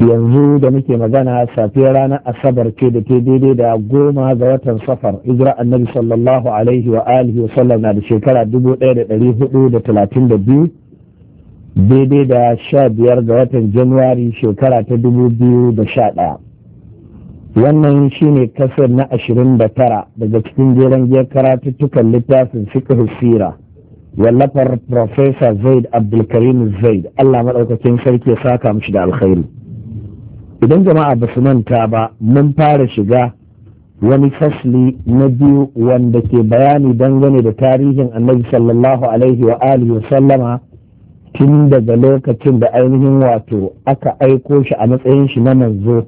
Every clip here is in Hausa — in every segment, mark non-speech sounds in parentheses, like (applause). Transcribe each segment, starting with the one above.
yanzu da muke magana safiyar ranar asabar ce da ke daidai da goma ga watan safar hijira annabi sallallahu alaihi wa alihi wa sallam na da shekara 1432 daidai da sha biyar ga watan Januari shekara ta 2011 wannan shine kasar na 29 daga cikin jeren giyar karatuttukan littafin fiqh sira wallafar Profesa zaid abdulkarim zaid allah maɗaukakin sarki ya saka mishi da alkhairi idan jama'a ba su manta ba mun fara shiga wani fasli na biyu wanda ke bayani dangane da tarihin annabi sallallahu alaihi wa alihi wa sallama tun daga lokacin da ainihin wato aka aiko shi a matsayin shi na manzo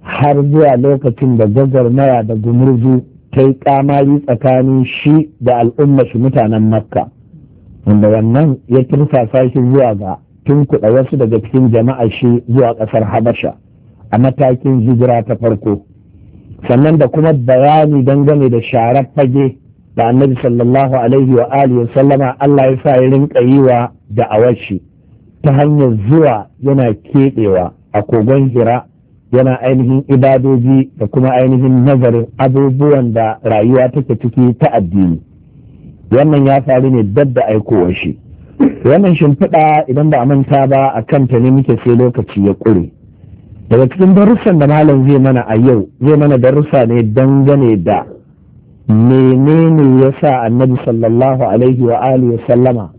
har zuwa lokacin da gagarmaya da gumurzu ta yi kamari tsakanin shi da al'umma shi mutanen makka wanda wannan ya turfasa shi zuwa ga tun kuɗa wasu daga cikin jama'a shi zuwa ƙasar habasha a matakin hijira ta farko sannan da kuma bayani dangane da sharar fage da annabi sallallahu alaihi wa alihi wa sallama Allah ya sa ya rinka yi wa da awashi ta hanyar zuwa yana keɓewa a kogon hira yana ainihin ibadoji da kuma ainihin nazarin abubuwan da rayuwa take ciki ta addini wannan ya faru ne dab da aikowar shi wannan shimfiɗa idan ba a manta ba a kanta ne muke sai lokaci ya ƙure daga cikin darussan da malam zai mana a yau zai mana darussa ne dangane da menene ya sa annabi sallallahu alaihi wa alihi sallama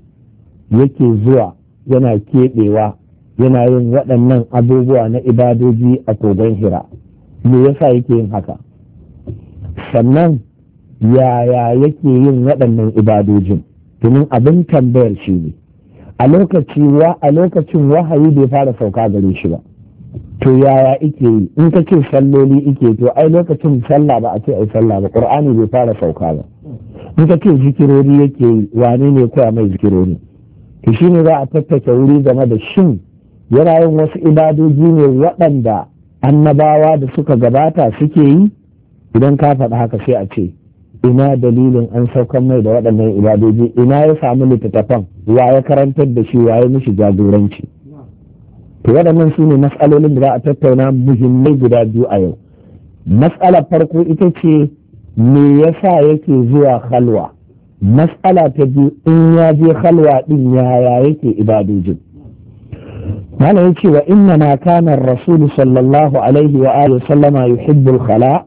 yake zuwa yana keɓewa yana yin waɗannan abubuwa na ibadoji a kogon hira me ya yasa yake yin haka sannan yaya yake yin waɗannan ibadojin domin abin tambayar shi ne a lokacin wahayi bai fara sauka gare shi ba to yaya ike yi in ka ce salloli ike to ai lokacin sallah ba a ce ai sallah ba qur'ani bai fara sauka ba in ka ce zikirori yake yi wane ne koya mai zikirori to ne za a tattake wuri game da shin yana yin wasu ibadoji ne waɗanda annabawa da suka gabata suke yi idan ka faɗa haka sai a ce ina dalilin an saukan mai da waɗannan ibadoji ina ya samu littattafan wa ya karantar da shi wa ya mishi jagoranci to waɗannan su ne matsalolin da za a tattauna muhimmai guda biyu a yau matsala farko ita ce me yasa yake zuwa halwa matsala ta biyu in ya je halwa din yaya yake ibadojin mana ya ce wa inna na kanar rasulu sallallahu alaihi wa alihi sallama yuhibbul khala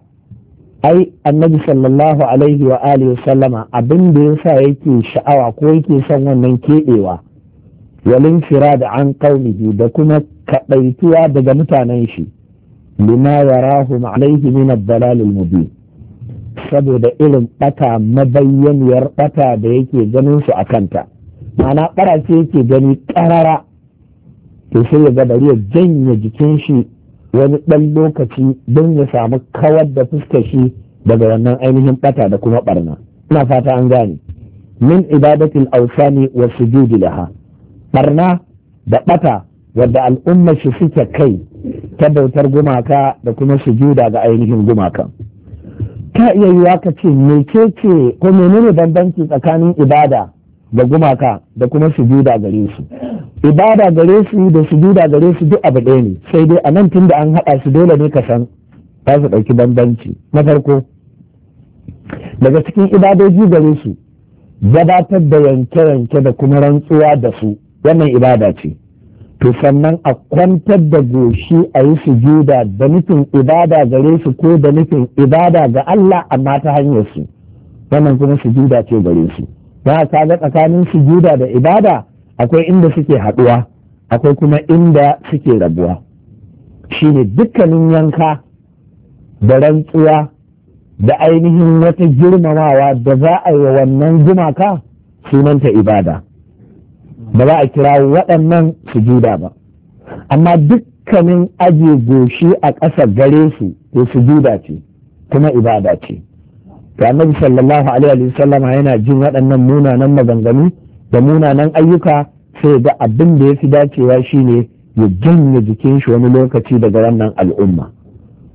ai annabi sallallahu alaihi wa alihi sallama abin da yasa yake sha'awa ko yake son wannan keɓewa walin shira da an qaumihi da kuma kaɗaituwa daga mutanen shi lima yarahum alaihi min ad-dalal saboda irin ɓata mabayyaniyar ɓata da yake ganin su a kanta ma'ana ɓarace yake gani ƙarara to sai ya ga ya janye jikin shi wani ɗan lokaci don ya samu kawar da fuskar shi daga wannan ainihin ɓata da kuma ɓarna ina fata an gane min ibadatil ausani wa sujudi laha barna da ɓata wadda al'umma shi suke kai ta bautar gumaka da kuma sujuda ga ainihin gumaka. Ta iya yiwa ka ce ce ko menene bambanci tsakanin ibada da gumaka da kuma sujuda gare su ibada gare su da sujuda gare su duk abu ɗaya ne sai dai a nan tunda an haɗa su dole ne ka san za su ɗauki bambanci na farko daga cikin ibadoji gare su gabatar da yanke-yanke da kuma rantsuwa da su wannan ibada ce to sannan a kwantar da goshi a yi sujuda da nufin ibada gare su ko da nufin ibada ga Allah amma ta hanyar su wannan kuma sujuda ce gare su ba ka ga tsakanin sujuda da ibada akwai inda suke haɗuwa akwai kuma inda suke rabuwa shi ne dukkanin yanka da rantsuwa da ainihin wata girmamawa da za a yi wannan gumaka sunanta ibada ba za a kira waɗannan sujuda ba amma dukkanin aje goshi a ƙasa gare su to sujuda ce kuma ibada ce to annabi sallallahu alaihi wa sallam yana jin waɗannan munanan maganganu da munanan ayyuka sai ga abin da ya fi dacewa shine ya janye jikin shi wani lokaci daga wannan al'umma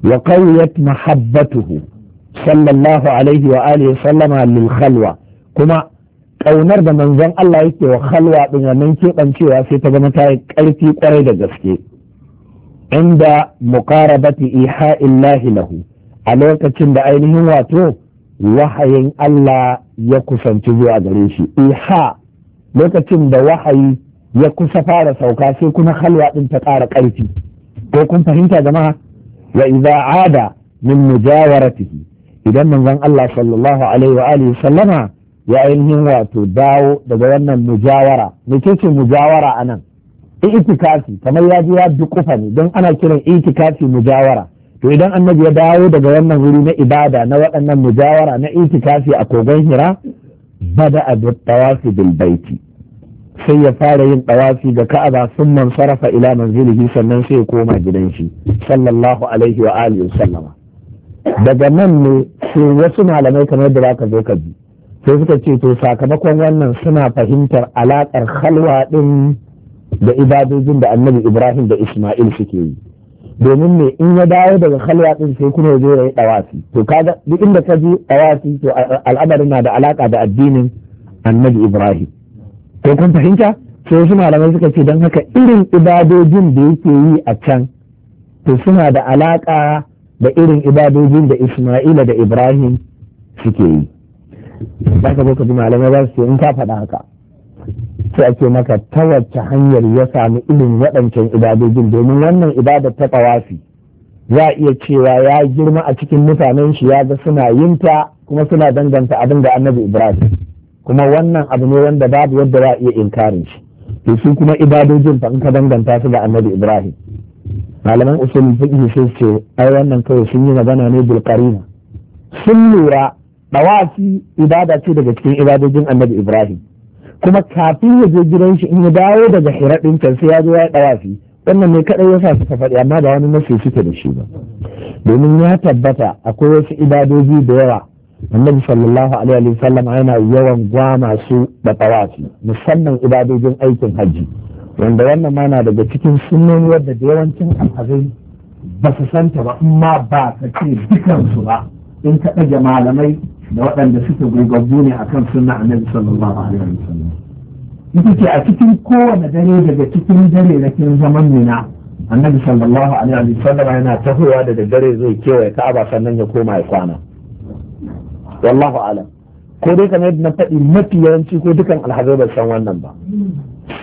wa qawiyat mahabbatuhu sallallahu alaihi wa alihi sallama lil khalwa kuma ƙaunar da manzon Allah yake wa halwa ɗin wannan keɓancewa sai ta zama ta yi ƙarfi ƙwarai da gaske inda muqarabati iha illahi lahu a lokacin da ainihin wato wahayin Allah ya kusanci zuwa gare shi iha lokacin da wahayi ya kusa fara sauka sai kuma halwa ɗin ta ƙara ƙarfi ko kun fahimta jama'a wa idza ada min mujawaratihi idan manzon Allah sallallahu alaihi wa alihi sallama ya ainihin wato dawo daga wannan mujawara me ce mujawara a nan itikafi kamar ya ji ya dukufa ne don ana kiran itikafi mujawara to idan annabi ya dawo daga wannan wuri na ibada na waɗannan mujawara na itikafi a kogon hira bada a tawafi bil baiti sai ya fara yin tawafi ga ka'aba sun man sarrafa ila manzilihi sannan sai ya koma gidan shi sallallahu alaihi wa alihi sallama daga nan ne sai wasu malamai kamar da zaka zo ka bi sai suka ce to sakamakon wannan suna fahimtar alaƙar halwa ɗin da ibadojin da annabi ibrahim da isma'il suke yi domin me in ya dawo daga halwa ɗin sai kuma zo ya yi ɗawafi to kaga duk inda ka ji ɗawafi to al'amarin na da alaƙa da addinin annabi ibrahim ko kun fahimta sai wasu malamai suka ce don haka irin ibadojin da yake yi a can to suna da alaƙa da irin ibadojin da isma'ila da ibrahim suke yi za ka zo ka ji malamai za su yin in ka faɗa haka sai ake maka ta wacce hanyar ya sami ilimin waɗancan ibadojin domin wannan ibada ta tsawafi za a iya cewa ya girma a cikin mutanen shi ya ga suna yin ta kuma suna danganta abin da annabi ibrahim kuma wannan abu ne wanda babu yadda za a iya inkarin shi to su kuma ibadojin fa in ka danganta su ga annabi ibrahim malaman usul fiƙi sai ce ai wannan kawai sun yi magana ne bulƙarina. sun lura dawafi ibada ce daga cikin ibadojin annabi ibrahim kuma kafin ya je gidan shi in ya dawo daga hira din can sai ya zo ya dawafi wannan ne kadai yasa suka faɗi amma da wani nasi suke da shi ba domin ya tabbata akwai wasu ibadoji da yawa annabi sallallahu alaihi wa sallam yana yawan gwama su da tawafi musamman ibadojin aikin hajji wanda wannan ma na daga cikin sunan wadda da yawancin alhazai ba su santa ba amma ba ka ce dukansu ba in ka ɗage malamai da waɗanda suka gogaggu ne a kan sunna annabi sallallahu alaihi sallam. ita ce a cikin kowane dare daga cikin dare na kin zaman mina annabi sallallahu alaihi sallam yana tahowa da dare zai kewaye ka'aba sannan ya koma ya kwana wallahu alam ko dai kamar yadda na faɗi mafi yawanci ko dukan alhazai ba san wannan ba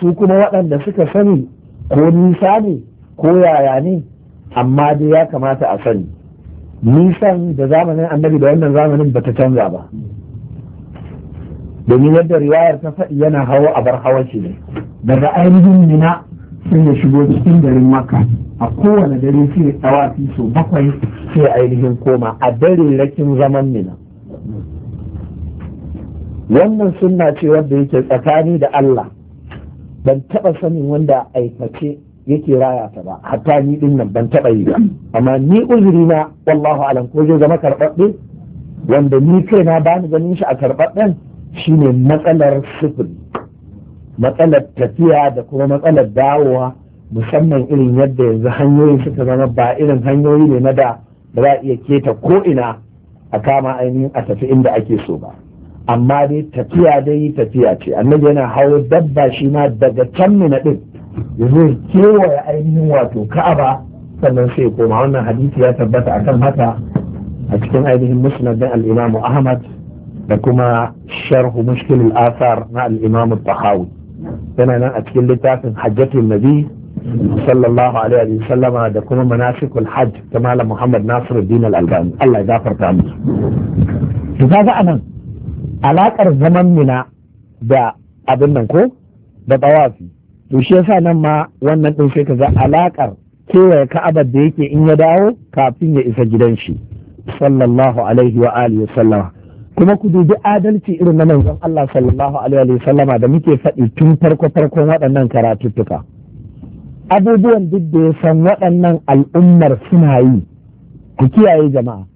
su kuma waɗanda suka sani ko nisa ne ko yaya ne amma dai ya kamata a sani nisan da zamanin annabi da wannan zamanin ba ta canza ba domin yadda riwayar ta faɗi yana hawa a bar hawa ce ne daga ainihin mina sai ya shigo cikin garin maka a kowane dare sai ya tsawafi so bakwai sai ainihin koma a dare rakin zaman mina wannan sunna ce wadda yake tsakani da Allah ban taɓa sanin wanda aikace yake raya ta ba hatta ni din nan ban taba yi ba amma ni uzuri na wallahu alam ko zai zama karɓaɓɓe wanda ni kaina ba ni ganin shi a karɓaɓɓen shine matsalar sufuri matsalar tafiya da kuma matsalar dawowa musamman irin yadda yanzu hanyoyin suka zama ba irin hanyoyi ne na da ba za a iya keta ko ina a kama ainihin a tafi inda ake so ba amma dai tafiya dai tafiya ce annabi yana hawo dabba shi ma daga can mina din ya zo ya kewaye ainihin wato ka'aba sannan sai ya koma wannan hadisi ya tabbata akan haka a cikin ainihin musnad din al-imam ahmad da kuma sharhu mushkil al-athar na al-imam al-tahawi yana nan a cikin littafin hajjatul nabi sallallahu alaihi wa sallam da kuma manasikul hajj ta malam muhammad nasiruddin al-albani Allah ya gafarta musu to kaga anan alakar zaman mina da abin nan ko da tawafi to shi yasa nan ma wannan ɗin sai ka ga alaƙar kewaye ka'abar da yake in ya dawo kafin ya isa gidan shi sallallahu alaihi wa alihi sallama kuma ku dubi adalci irin na manzon Allah sallallahu alaihi wa sallama da muke faɗi tun farko farkon waɗannan karatuttuka abubuwan duk da ya san waɗannan al'ummar suna yi ku kiyaye jama'a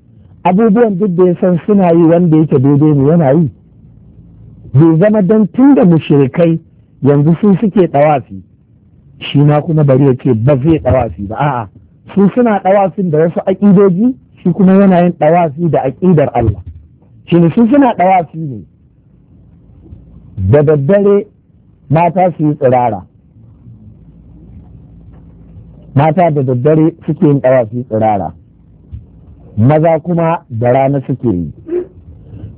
abubuwan duk da ya san suna yi wanda yake daidai ne yana yi bai zama don tun da mushrikai yanzu su suke ɗawafi shi ma kuma bari ya ce ba zai ɗawafi ba a'a su suna ɗawafin da wasu aƙidoji shi kuma yana yin ɗawafi da aƙidar Allah shi ne su suna ɗawafi ne da daddare mata su yi tsirara mata da daddare suke yin ɗawafi tsirara maza kuma da rana suke yi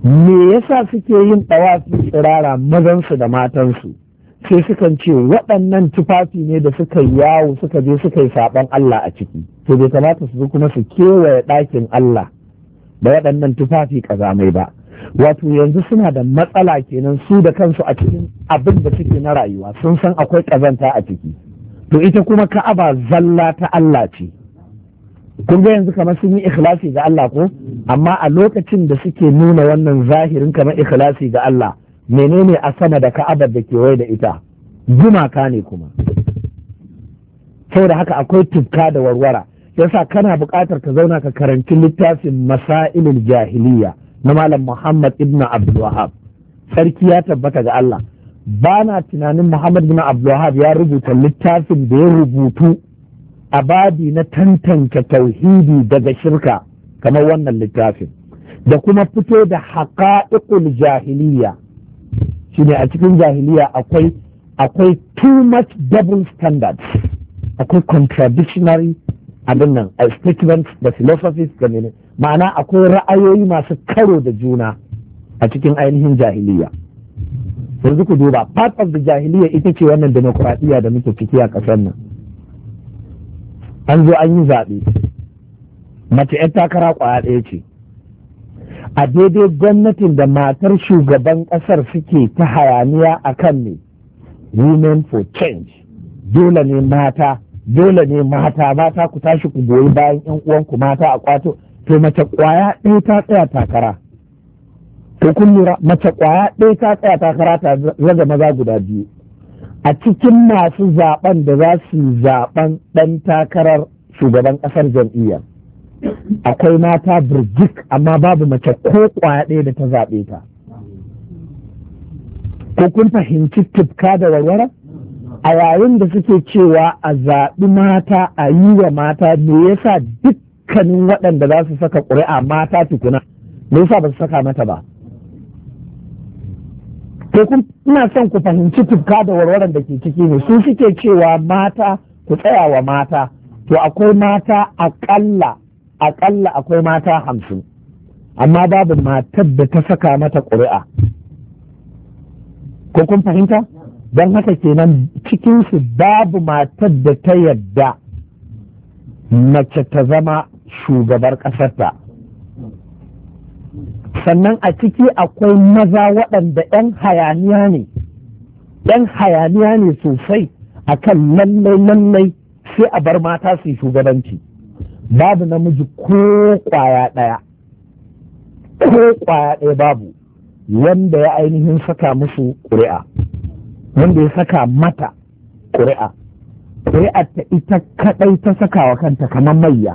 me yasa suke yin ɗawafi tsirara mazansu da matansu sai sukan ce waɗannan tufafi ne da suka yawo suka je suka yi saɓon Allah a ciki to bai kamata su kuma su kewaye ɗakin Allah da waɗannan tufafi ƙazamai ba wato yanzu suna da matsala kenan su da kansu a cikin abin da suke na rayuwa sun san akwai ƙazanta a ciki to ita kuma ka'aba zalla ta Allah ce kun ga yanzu kamar sun yi ikhlasi ga Allah ko amma a lokacin da suke nuna wannan zahirin kamar ikhlasi ga Allah menene a sama da ka'abar da kewaye da ita gumaka ne kuma saboda haka akwai tufka da warwara yasa kana buƙatar ka zauna ka karanci littafin masailul jahiliya na malam muhammad ibn abdulwahab sarki ya tabbata ga allah ba na tunanin muhammad ibn abdulwahab ya rubuta littafin da ya rubutu a babi na tantance tauhidi daga shirka kamar wannan littafin da kuma fito da haƙa'iƙul jahiliya shine a cikin jahiliya akwai akwai too much double standards akwai contradictionary abin nan a statements da philosophies da ne ma'ana akwai ra'ayoyi masu karo da juna a cikin ainihin jahiliya yanzu ku duba part of the jahiliya ita ce wannan demokuraɗiyya da muke ciki a ƙasar nan an zo an yi zaɓe mace 'yan takara ƙwaya ɗaya ce a daidai gwamnatin da matar shugaban kasar suke ta hayaniya a kan ne women for change dole ne mata dole ne mata mata ku tashi ku goyi bayan yan uwanku mata a kwato to mace kwaya ɗaya ta tsaya takara to kun lura mace kwaya ɗaya ta tsaya takara ta zaga maza guda biyu a cikin masu zaben da za su zaben ɗan takarar shugaban ƙasar jam'iyyar akwai mata birjik amma babu mace ko kwaya ɗaya da ta zaɓe ta ko kun fahimci tufka da warwara a yayin da suke cewa a zaɓi mata a yi wa mata me yasa dukkanin waɗanda za su saka ƙuri'a mata tukuna me yasa ba su saka mata ba Ko kun ina son ku fahimci tufka da warwaran da ke ciki ne su suke cewa mata ku tsaya wa mata to akwai mata aƙalla aƙalla akwai mata hamsin amma babu matar da ta saka mata ƙuri'a ko kun fahimta don haka kenan cikinsu babu matar da ta yadda mace ta zama shugabar ta. sannan a ciki akwai maza waɗanda 'yan hayaniya ne 'yan hayaniya ne sosai akan lallai lallai sai a bar mata su yi shugabanci. babu namiji ko kwaya ɗaya ko kwaya ɗaya babu wanda ya ainihin saka musu ƙuri'a wanda ya saka mata ƙuri'a ƙuri'a ta ita kaɗai ta saka wa kanta kamar mayya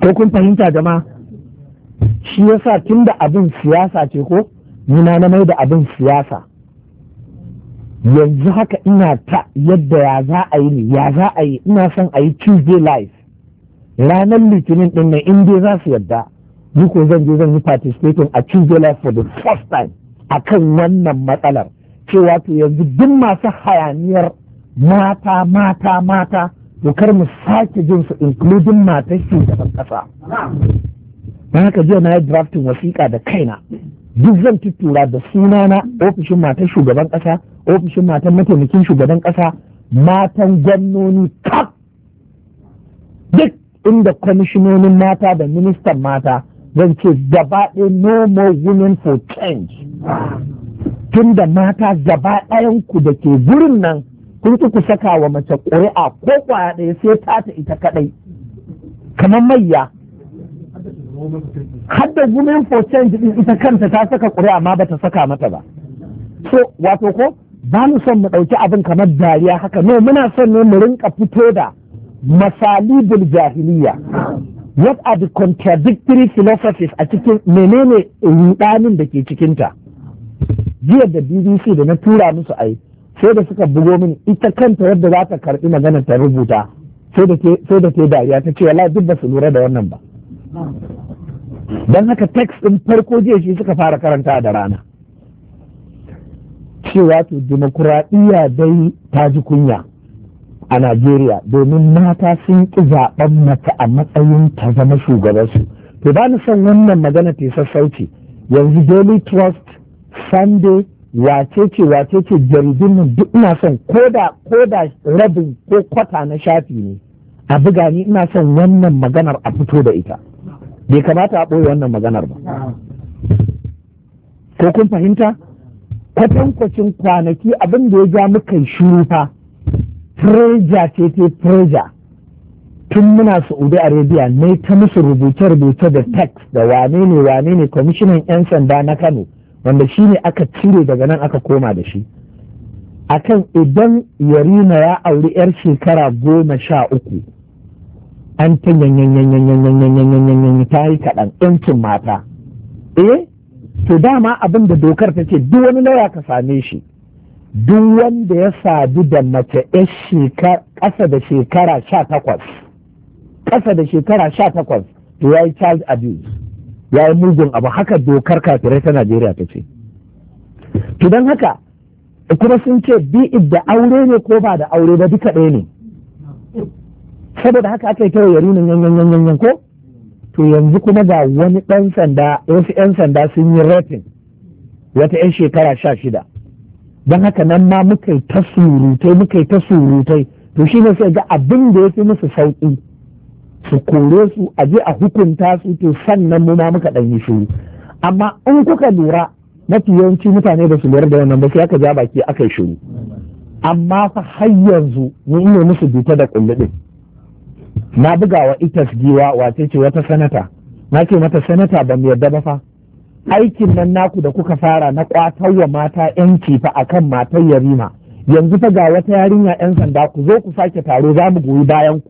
ko kun fahimta jama shi yasa tun da abin siyasa ce ko nuna na mai da abin siyasa yanzu haka ina ta yadda ya za a yi ne ya za a yi ina son a yi tuesday live ranar litinin din nan in za su yadda ni ko zan je zan yi participating a tuesday live for the first time akan wannan matsalar cewa to yanzu duk masu hayaniyar mata mata mata to kar mu sake jin su including matan shugaban kasa ba haka jiya na yi drafting wasiƙa da kaina duk zan tuttura da sunana ofishin matan shugaban ƙasa ofishin matan mataimakin shugaban ƙasa matan gwamnoni kaf duk inda kwamishinonin mata da ministan mata zan ce gaba no more women for change tun da mata gaba ɗayanku da ke gurin nan kun ku saka wa mace ƙuri'a ko kwaya ɗaya sai ta ta ita kaɗai kamar mayya Hadda women for change din ita kanta ta saka ƙuri, amma ba ta saka mata ba so wato ko ba mu son mu ɗauki abin kamar dariya haka no muna son ne mu rinka fito da masalibul jahiliya what are the contradictory philosophies a cikin menene rudanin da ke cikinta jiya da bbc da na tura musu ai sai da suka bugo min ita kanta yadda za ta karɓi magana ta rubuta sai da ke dariya ta ce wala duk ba su lura da wannan ba don haka text ɗin farko jiya shi suka fara karanta da rana cewa to dimokuraɗiyya dai ta ji kunya a Najeriya domin mata sun ƙi zaɓen mace a matsayin ta zama shugabansu. To ba ni son wannan magana ta sassauci yanzu Daily Trust Sunday wace ce wace ce jaridun nan duk ina son koda koda rabin ko kwata na shafi ne a buga ni ina son wannan maganar a fito da ita. bai kamata a ɓoye wannan maganar ba ko kun fahimta kwatankwacin kwanaki abin da ya ja muka shuru fa Freja ce ce freja tun muna saudi arabia ne ta musu rubuce-rubuce da tax da wane ne wane ne kwamishinan 'yan sanda na kano wanda shi ne aka cire daga nan aka koma da shi akan idan yarima ya auri 'yar shekara goma sha uku an ta yanyan kaɗan 'yancin mata eh to dama abin da dokar ta duk wani ka same shi duk wanda ya sadu da mace ƙasa da shekara sha takwas to mugun abu haka dokar ta najeriya ta ce haka kuma sun ce da aure ne ko ba da aure ba duka ɗaya ne saboda haka aka yi ta yan, yanyan yanyan ko? to yanzu kuma ga wani ɗan sanda wasu 'yan sanda sun yi rafin wata 'yan shekara sha shida don haka nan ma muka yi ta surutai muka yi ta surutai to shi ne sai ga abin da ya fi musu sauƙi su kore su a je a hukunta su to sannan mu ma muka ɗan yi shiru amma in kuka lura mafi yawanci mutane da su lura da wannan ba sai aka ja baki aka yi shiru amma fa har yanzu mun ne musu duta da kullu na buga wa itas giwa wace ce wata sanata na ce mata sanata ba mu yarda ba fa aikin nan naku da kuka fara na kwatar wa mata yanci fa akan matar yarima yanzu ta ga wata yarinya yan sanda ku zo ku sake taro za mu goyi bayan ku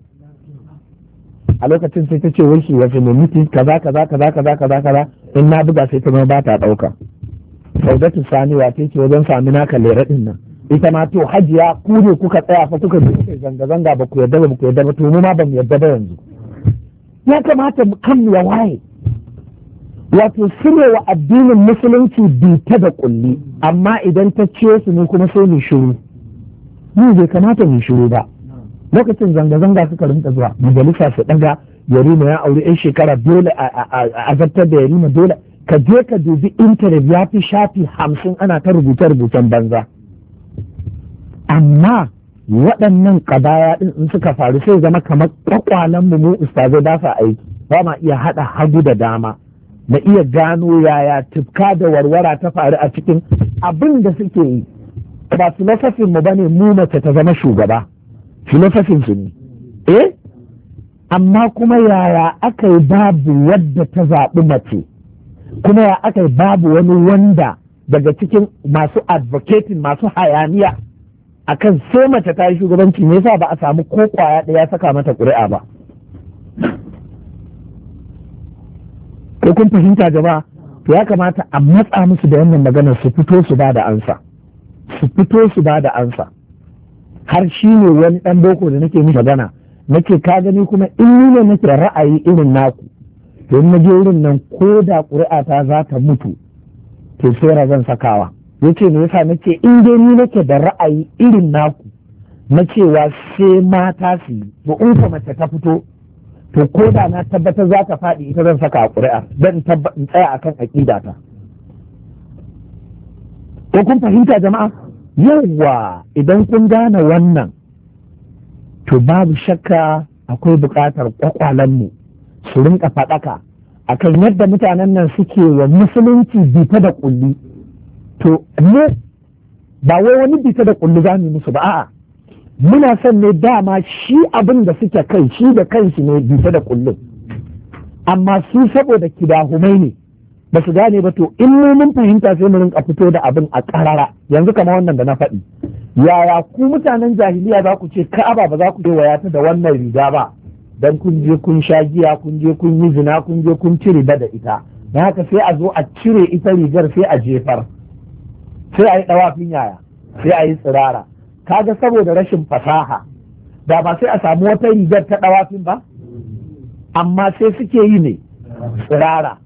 a lokacin sai ta ce wai shi wace kaza kaza kaza kaza kaza kaza in na buga sai ta ba ta dauka saudatu sani wace ce wajen sami naka lera din nan ita ma to hajiya ku ne kuka tsaya fa kuka je zanga zanga ba ku yarda ba ku yadda ba to mu ma ba mu yarda ba yanzu ya kamata kan ya waye wato wa addinin musulunci bita da kulli amma idan ta ce su ne kuma sai mu shiru mu bai kamata mu shiru ba lokacin zanga-zanga suka rinka zuwa majalisa su daga yarima ya auri yan shekara dole a zartar da yarima dole ka je ka dubi intanet ya fi shafi hamsin ana ta rubuce-rubucen banza. amma waɗannan ƙabaya ɗin in suka faru sai zama kamar ƙwaƙwalen mu mu ustazai ba sa aiki ba ma iya haɗa hagu da dama na iya gano yaya tufka da warwara ta faru a cikin abin da suke yi ba filosofin mu bane mu mace ta zama shugaba filosofin su ne eh amma kuma yaya aka yi babu wadda ta zaɓi mace kuma ya aka yi babu wani wanda daga cikin masu advocating masu hayaniya A kan sai mace ta yi shugabanci ne yasa ba a samu ko kwaya ɗaya saka mata ƙuri'a ba ko kun fahimta jama'a to ya kamata a matsa musu da wannan magana su fito su ba da ansa su fito su ba da ansa har shi ne wani ɗan boko da nake magana nake ka gani kuma in ni ne nake ra'ayi irin naku don na je wurin nan ko da ƙuri'a ta za ta mutu to sai zan sakawa yace me yasa nace in dai ni nake da ra'ayi irin naku na cewa sai mata su yi ba in ka mace ta fito to ko da na tabbatar za ta faɗi ita zan saka a ƙuri'a zan in tsaya akan aƙida ta ko kun fahimta jama'a yawwa idan kun gane wannan to babu shakka akwai buƙatar kwakwalenmu su rinka faɗaka akan yadda mutanen nan suke wa musulunci bita da ƙulli to mu ba wai wani bita da kullu za mu musu ba a'a muna son ne dama shi abin da suke kai shi da kanshi ne bita da kullu amma su saboda kidahumai ne ba su gane ba to in mu mun fahimta sai mu rinka fito da abin a karara yanzu kamar wannan da na faɗi yaya ku mutanen jahiliya za ku ce ka'aba ba za ku waya ta da wannan riga ba dan kun je kun sha giya kun je kun yi zina kun je kun cire da ita na haka sai a zo a cire ita rigar sai a jefar sai a yi ɗawafin yaya sai a yi tsirara kaga saboda rashin fasaha da ba sai a samu wata rigar ta ɗawafin ba amma sai suke yi ne tsirara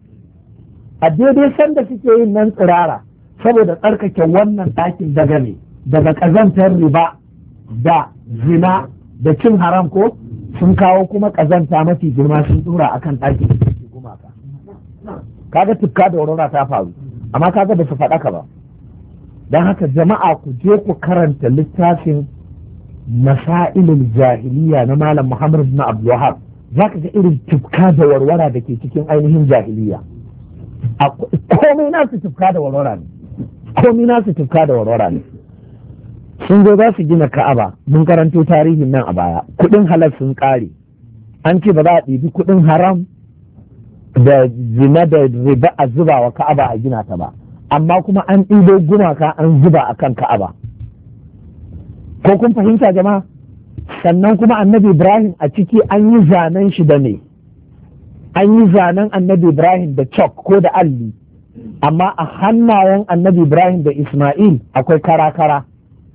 a daidai sanda suke yin nan tsirara saboda tsarkake wannan ɗakin daga ne daga ƙazantar riba da zina da cin haram ko sun kawo kuma ƙazanta mafi girma sun tura kan ɗakin da gumaka kaga tukka da warwara ta faru amma kaga ba su faɗaka ba don haka jama'a ku je ku karanta littafin masailin jahiliya na malam muhammad na Abdullahi, za ka ga irin tufka da warwara da ke cikin ainihin jahiliya komai nasu tufka da warwara ne komai su tufka da warwara ne sun zo za su gina ka'aba mun karanto tarihin nan a baya kudin halar sun kare an ce ba za a ɗibi kudin haram da zina da riba a zuba wa ka'aba a gina ta ba amma kuma an ɗibo gumaka an zuba a kan ka'aba ko kun fahimta jama'a sannan kuma annabi ibrahim a ciki an yi zanen shi da ne an yi zanen annabi ibrahim da chalk ko da alli amma a hannayen annabi ibrahim da isma'il akwai kara-kara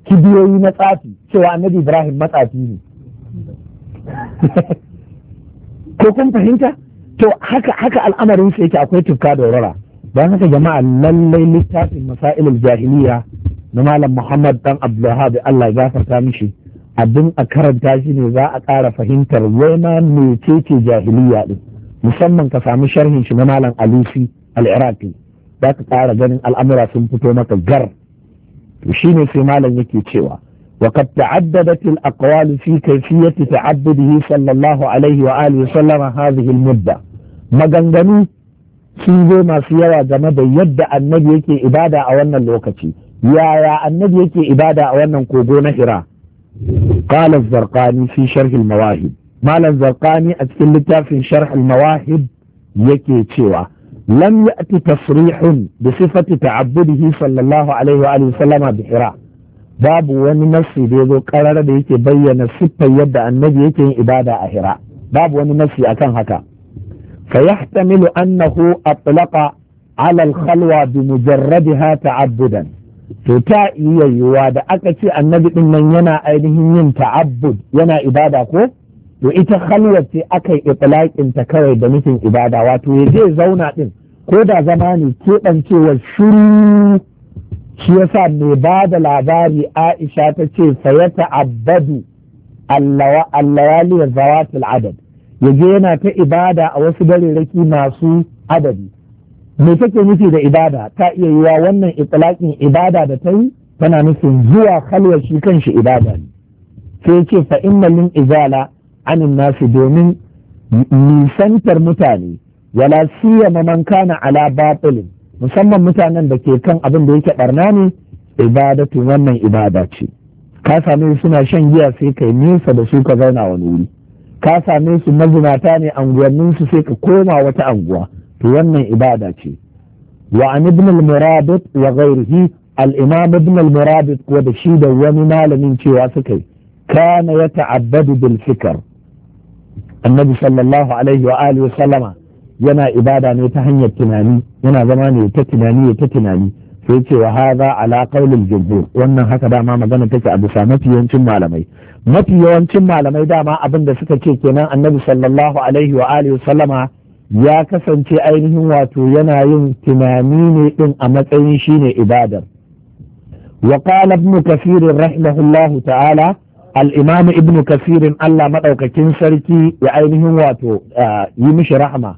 kibiyoyi na tsafi cewa annabi ibrahim matsafi ne (laughs) ko kun fahimta to haka al'amarin sai yake akwai tufka da don haka jama'a lallai littafin masailul jahiliya na malam muhammad dan abdulhab allah gafarta mishi abin a karanta shi ne za a ƙara fahimtar wena mecece jahiliya ɗin musamman ka samu sharhin shi na malam alusi al'iraki za ka ƙara ganin al'amura sun fito maka gar to shi ne sai malam yake cewa وقد تعددت الأقوال في sallallahu alaihi wa الله عليه وآله وسلم هذه المدة maganganu sun zo masu yawa game da yadda annabi yake ibada a wannan lokaci yaya annabi yake ibada a wannan kogo na hira qala zarqani fi sharh al mawahib malam zarqani a cikin littafin sharh al mawahib yake cewa lam ya'ti tasrihun bi sifati ta'abbudihi sallallahu alaihi wa alihi sallama bi hira babu wani nassi da yazo karar da yake bayyana siffar yadda annabi yake yin ibada a hira babu wani nassi akan haka فيحتمل أنه أطلق على الخلوة بمجردها تعبدا to ta iya yiwuwa da aka ce annabi din nan yana ainihin yin ta'abbud yana ibada ko to ita halwar ce aka yi itlaqin ta kawai da nufin ibada wato ya je zauna din ko da zama ne keɓancewar shiru shi yasa mai ba da labari Aisha ta ce fa ya ta'abbadu allawali zawatul adad ya je yana ta ibada a wasu gareraki masu adadi me take nufi da ibada ta iya yiwa wannan itlaqin ibada da ta yi tana nufin zuwa halwar shi kanshi ibada ne sai ce fa innal izala anin nasu domin nisantar mutane wala siyama man kana ala batilin musamman mutanen da ke kan abin da yake barna ne ibadatu wannan ibada ce ka same suna shan giya sai kai nesa da su ka zauna wani wuri ka same su mazinata ne anguwannin su sai ka koma wata anguwa to wannan ibada ce wa an ibn al-murabit wa ghairihi al-imam ibn al-murabit ko da shi da wani malamin cewa suka yi kana ya ta'abbadu bil fikr annabi sallallahu alaihi wa alihi wa sallama yana ibada ne ta hanyar tunani yana zama ne ta tunani ta tunani sai ce wa hadha ala qawlil jumhur wannan haka dama magana take a bisa mafiyancin malamai mafi yawancin malamai dama abin da suka ce kenan annabi sallallahu alaihi wa alihi sallama ya kasance ainihin wato yana yin tunani ne din a matsayin shine ibadar wa qala ibn kafir rahimahullahu ta'ala al-imam ibn kafir Allah madaukakin sarki ya ainihin wato yi mishi rahma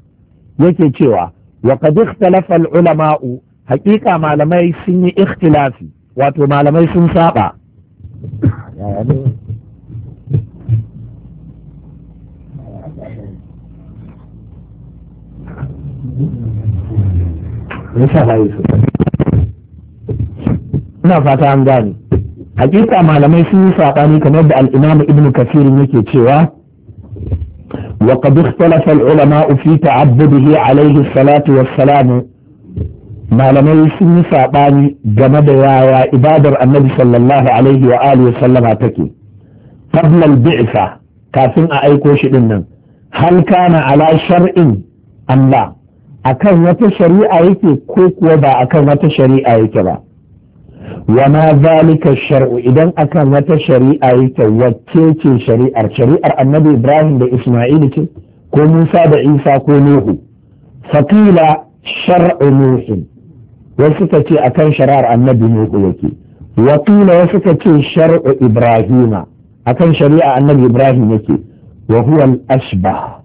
yake cewa wa qad ikhtalafa al-ulama'u haqiqa malamai sun yi ikhtilafi wato malamai sun saba in sha layi fata an gane hakika malamai sun yi saɓani kamar da al'imam ibn kafir yake cewa wa qad ikhtalafa al-ulama fi ta'abbudihi alayhi salatu wassalam malamai sun yi saɓani game da yaya ibadar annabi sallallahu alaihi wa alihi wa sallama take qabla al-bi'sa kafin a aiko shi din nan hal kana ala shar'in allah. akan wata shari'a yake ko kuwa ba akan wata shari'a yake ba wa zalika shar'u idan akan wata shari'a yake wacce ce shari'ar shari'ar annabi ibrahim da isma'il ce ko musa da isa ko nuhu fakila shar'u nuhu wasu suka ce akan shari'ar annabi nuhu yake wakila wasu suka ce shar'u ibrahima akan shari'a annabi ibrahim yake wa huwa al-ashbah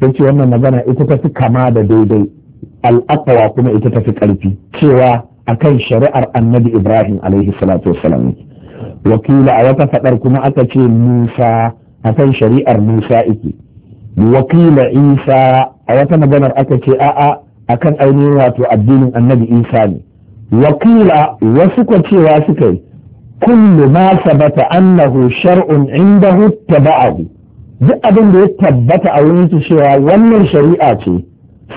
sai ce wannan magana ita ta fi kama da daidai al'aqwa kuma ita ta fi ƙarfi cewa kan shari'ar annabi ibrahim alaihi salatu wakila a wata faɗar kuma aka ce musa kan shari'ar musa ike wakila isa a wata maganar aka ce a'a akan ainihin wato addinin annabi isa ne wakila wasu ko cewa suka yi kullu ma sabata annahu shar'un indahu taba'ahu duk abin da ya tabbata a wurin su cewa wannan shari'a ce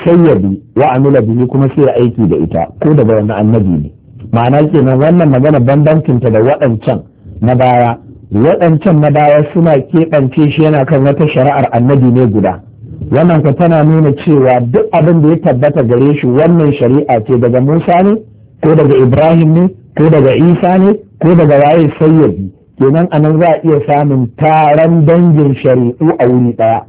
sai ya bi wa amila bihi kuma sai ya aiki da ita ko da bayan annabi ne ma'ana kenan wannan magana bambancinta da waɗancan na baya waɗancan na baya suna keɓance shi yana kan wata shari'ar annabi ne guda wannan ka tana nuna cewa duk abin da ya tabbata gare shi wannan shari'a ce daga musa ne ko daga ibrahim ne ko daga isa ne ko daga waye sai ya bi kenan a nan za a iya samun taron dangin shari'u a wuri ɗaya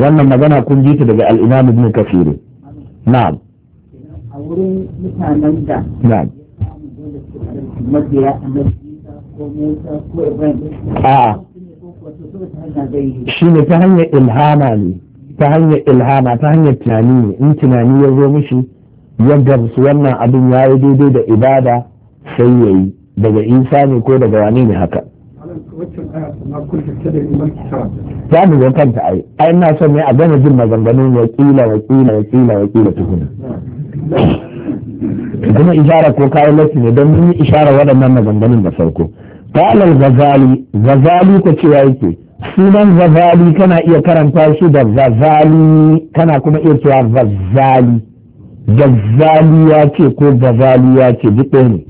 wannan magana kun ji ta daga al'imam ibn kafir na'am a wurin mutanen da na'am a shi ne ta hanyar ilhama ne ta hanyar ilhama ta hanyar tunani ne in tunani ya zo mishi ya su wannan abin ya yi daidai da ibada sai ya yi daga isa ne ko daga wani ne haka za mu zan kanta ai ai na son ne a gane jin maganganun wakila wakila wakila wakila tukuna kuma ishara ko kayan lati ne don mun ishara waɗannan maganganun da farko qala Zazali gazali ko cewa yake sunan Zazali kana iya karanta shi da Zazali kana kuma iya cewa Zazali. ghazali ya ce ko ghazali ya ce duk ne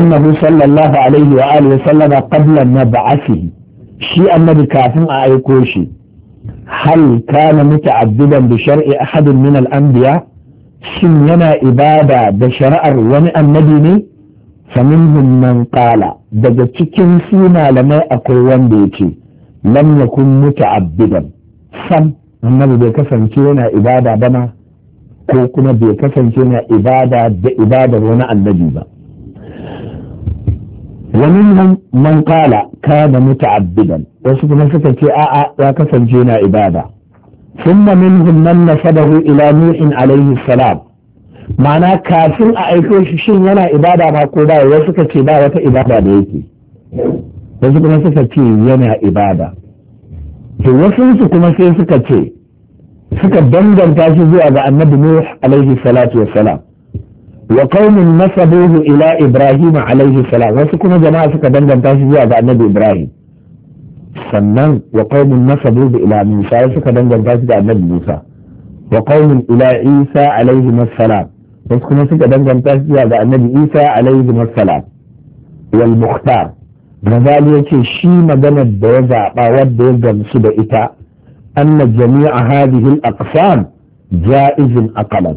innahu sallallahu alaihi wa alihi wa sallama qabla nab'athihi shi annabi kafin a aiko shi hal kana muta'addidan bi shar'i ahadin min al-anbiya shin yana ibada da shari'ar wani annabi ne faminhum man qala daga cikin su malamai akwai wanda yace lam yakun muta'abbidan sam annabi bai kasance yana ibada bana ko kuma bai kasance yana ibada da ibadar wani annabi ba wa minhum man qala kana muta'abbidan wasu kuma suka ce a'a ya kasance na ibada thumma minhum man nasadahu ila nuhin alaihi salam ma'ana kafin a aiko shi shin yana ibada ma ko ba wasu suka ce ba wata ibada da yake wasu kuma suka ce yana ibada to kuma sai suka ce suka danganta shi zuwa ga annabi nuh wa qaumin nasabuhu ila ibrahim alaihi salam wasu kuma jama'a suka danganta shi zuwa ga annabi ibrahim sannan wa qaumin nasabuhu ila musa wasu suka danganta shi ga annabi musa wa qaumin ila isa alaihi salam wasu kuma suka danganta shi zuwa ga annabi isa alaihi salam wal mukhtar Ghazali ya ce shi maganar da ya zaɓa wadda ya gamsu da ita an na jami'a hadhihi al-aqsam ja'izun aqalan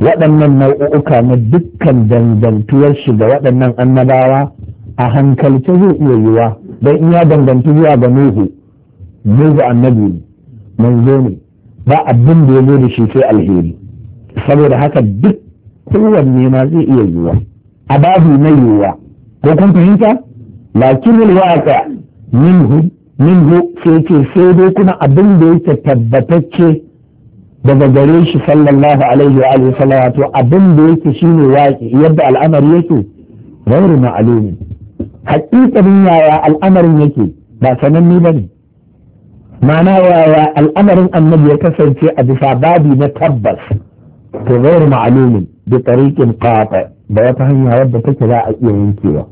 waɗannan nau'uka na dukkan dangantuwar shi da waɗannan annabawa a hankalce zai iya yiwa don in ya dangantu zuwa ga nuhu nuhu annabi ne manzo ne ba abin da ya zo da shi sai alheri saboda haka duk kowanne ma zai iya yiwa a babu na yiwa ko kun fahimta lakin alwaqa minhu minhu sai ce sai dai kuma abin da yake tabbatacce daga gare shi sallallahu alaihi wa alihi sallam to abin da yake shine waki yadda al'amari yake ghairu ma'lumin haƙiƙanin yaya al'amarin yake ba sananni bane ma'ana yaya al'amarin annabi ya kasance a bisa babi na tabbas to ghairu ma'lumin bi tariqin qata da wata hanya wadda take za a iya yankewa